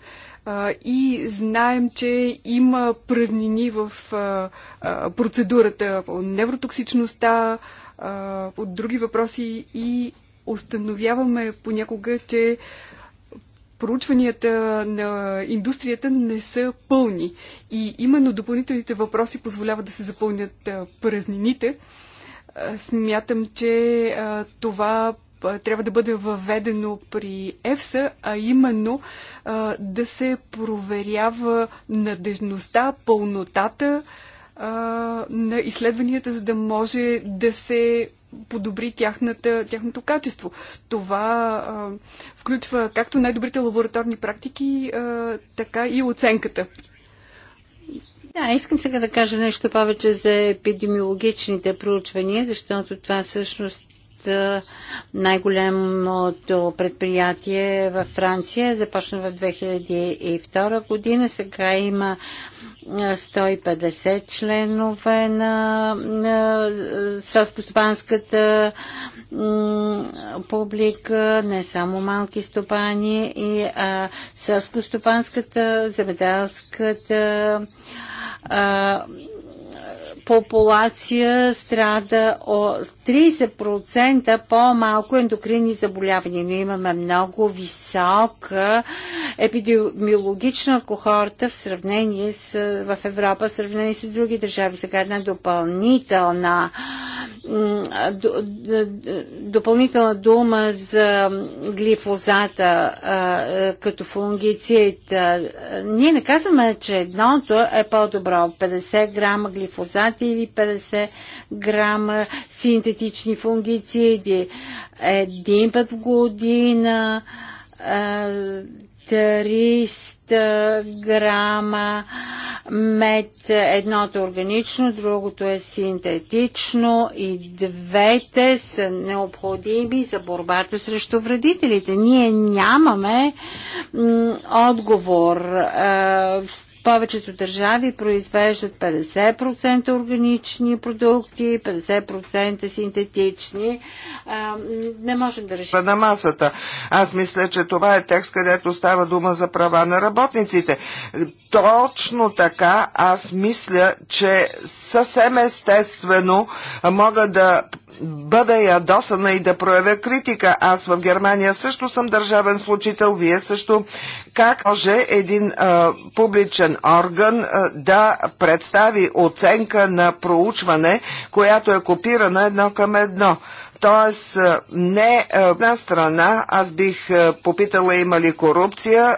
А, и знаем, че има празнини в а, а, процедурата по невротоксичността, а, от други въпроси и установяваме понякога, че проучванията на индустрията не са пълни. И именно допълнителните въпроси позволяват да се запълнят празнините. Смятам, че това трябва да бъде въведено при ЕФСА, а именно да се проверява надежността, пълнотата на изследванията, за да може да се подобри тяхната, тяхното качество. Това а, включва както най-добрите лабораторни практики, а, така и оценката. Да, искам сега да кажа нещо повече за епидемиологичните проучвания, защото това всъщност най-голямото предприятие във Франция. Започна в 2002 година. Сега има 150 членове на, на селскостопанската публика, не само малки стопани, и а, селскостопанската, земеделската а, популация страда от 30% по-малко ендокринни заболявания, но имаме много висока епидемиологична кохорта в сравнение с, в Европа, в сравнение с други държави. Сега една допълнителна допълнителна дума за глифозата като фунгицид. Ние не казваме, че едното е по-добро. 50 грама глифозат глифосати или 50 грама синтетични фунгициди. Един път в година 300 грама мед. Едното е органично, другото е синтетично и двете са необходими за борбата срещу вредителите. Ние нямаме отговор. Повечето държави произвеждат 50% органични продукти, 50% синтетични. не можем да решим. На масата. Аз мисля, че това е текст, където става дума за права на работниците. Точно така аз мисля, че съвсем естествено мога да бъда ядосана и да проявя критика. Аз в Германия също съм държавен случител, вие също. Как може един а, публичен орган а, да представи оценка на проучване, която е копирана едно към едно? Тоест, не една страна, аз бих попитала има ли корупция,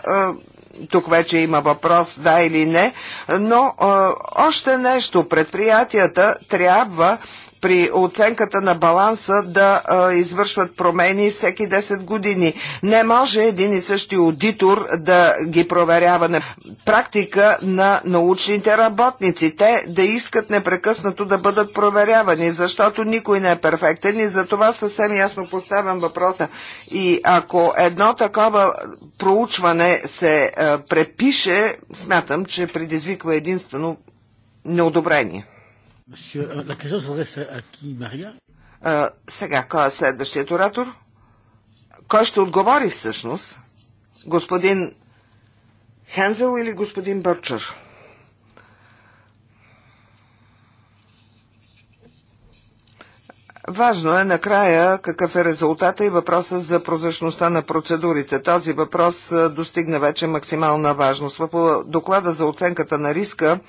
тук вече има въпрос да или не, но още нещо, предприятията трябва при оценката на баланса да а, извършват промени всеки 10 години. Не може един и същи аудитор да ги проверява на практика на научните работници. Те да искат непрекъснато да бъдат проверявани, защото никой не е перфектен и за това съвсем ясно поставям въпроса. И ако едно такова проучване се а, препише, смятам, че предизвиква единствено неодобрение. Euh, а, сега, кой е следващият оратор? Кой ще отговори всъщност? Господин Хензел или господин Бърчър? Важно е накрая какъв е резултата и въпроса за прозрачността на процедурите. Този въпрос достигна вече максимална важност. В доклада за оценката на риска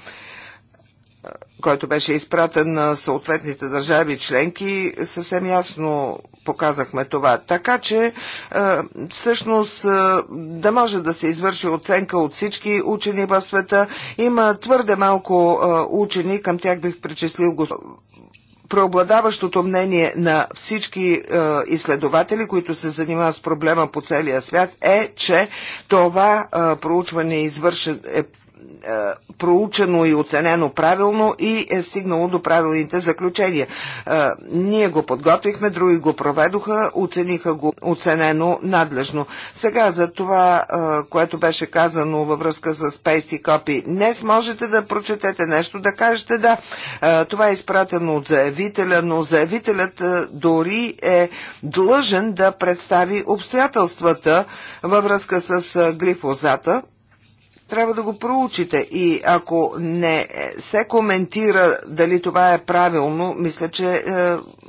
който беше изпратен на съответните държави членки, съвсем ясно показахме това. Така че, е, всъщност, е, да може да се извърши оценка от всички учени в света, има твърде малко е, учени, към тях бих причислил го преобладаващото мнение на всички е, изследователи, които се занимават с проблема по целия свят, е, че това е, проучване извършен, е е, проучено и оценено правилно и е стигнало до правилните заключения. Е, ние го подготвихме, други го проведоха, оцениха го оценено надлежно. Сега за това, е, което беше казано във връзка с пейсти копи. днес можете да прочетете нещо, да кажете да. Това е изпратено от заявителя, но заявителят дори е длъжен да представи обстоятелствата във връзка с глифозата трябва да го проучите. И ако не се коментира дали това е правилно, мисля, че е,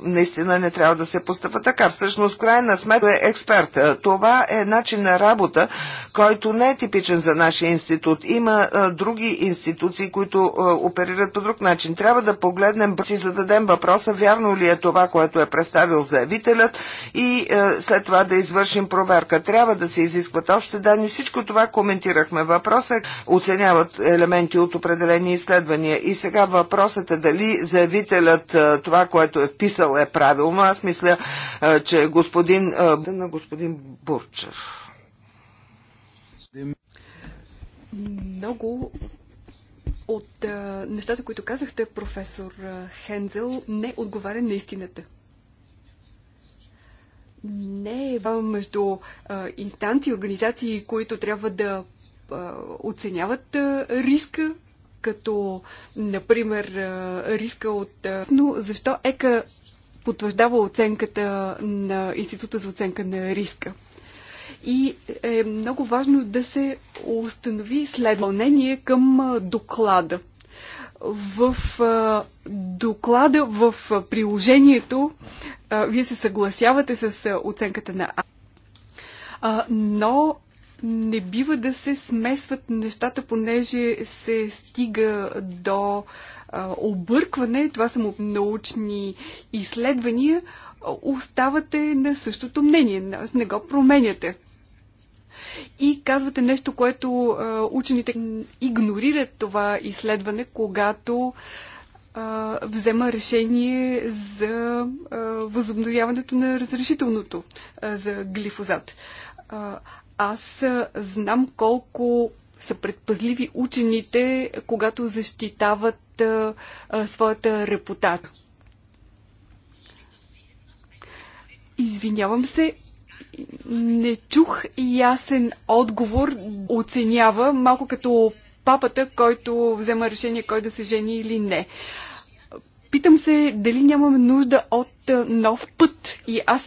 наистина не трябва да се поступа. така. Всъщност, крайна сметка е експерт. Е, това е начин на работа, който не е типичен за нашия институт. Има е, други институции, които е, оперират по друг начин. Трябва да погледнем, си зададем въпроса, вярно ли е това, което е представил заявителят и е, след това да извършим проверка. Трябва да се изискват още данни. Всичко това коментирахме. Въпросът сектор, оценяват елементи от определени изследвания. И сега въпросът е дали заявителят е, това, което е вписал е правилно. Аз мисля, е, че господин, е, на господин Бурчев. Много от а, нещата, които казахте, професор а, Хензел, не отговаря на истината. Не е между а, инстанции, организации, които трябва да оценяват риска, като, например, риска от... Но защо ЕКА потвърждава оценката на Института за оценка на риска? И е много важно да се установи следълнение към доклада. В доклада, в приложението, вие се съгласявате с оценката на А, но не бива да се смесват нещата, понеже се стига до а, объркване. Това са научни изследвания. Оставате на същото мнение, не го променяте. И казвате нещо, което а, учените игнорират това изследване, когато а, взема решение за а, възобновяването на разрешителното а, за глифозат. А, аз знам колко са предпазливи учените, когато защитават а, а, своята репутация. Извинявам се, не чух ясен отговор. Оценява малко като папата, който взема решение кой да се жени или не. Питам се дали нямаме нужда от нов път и аз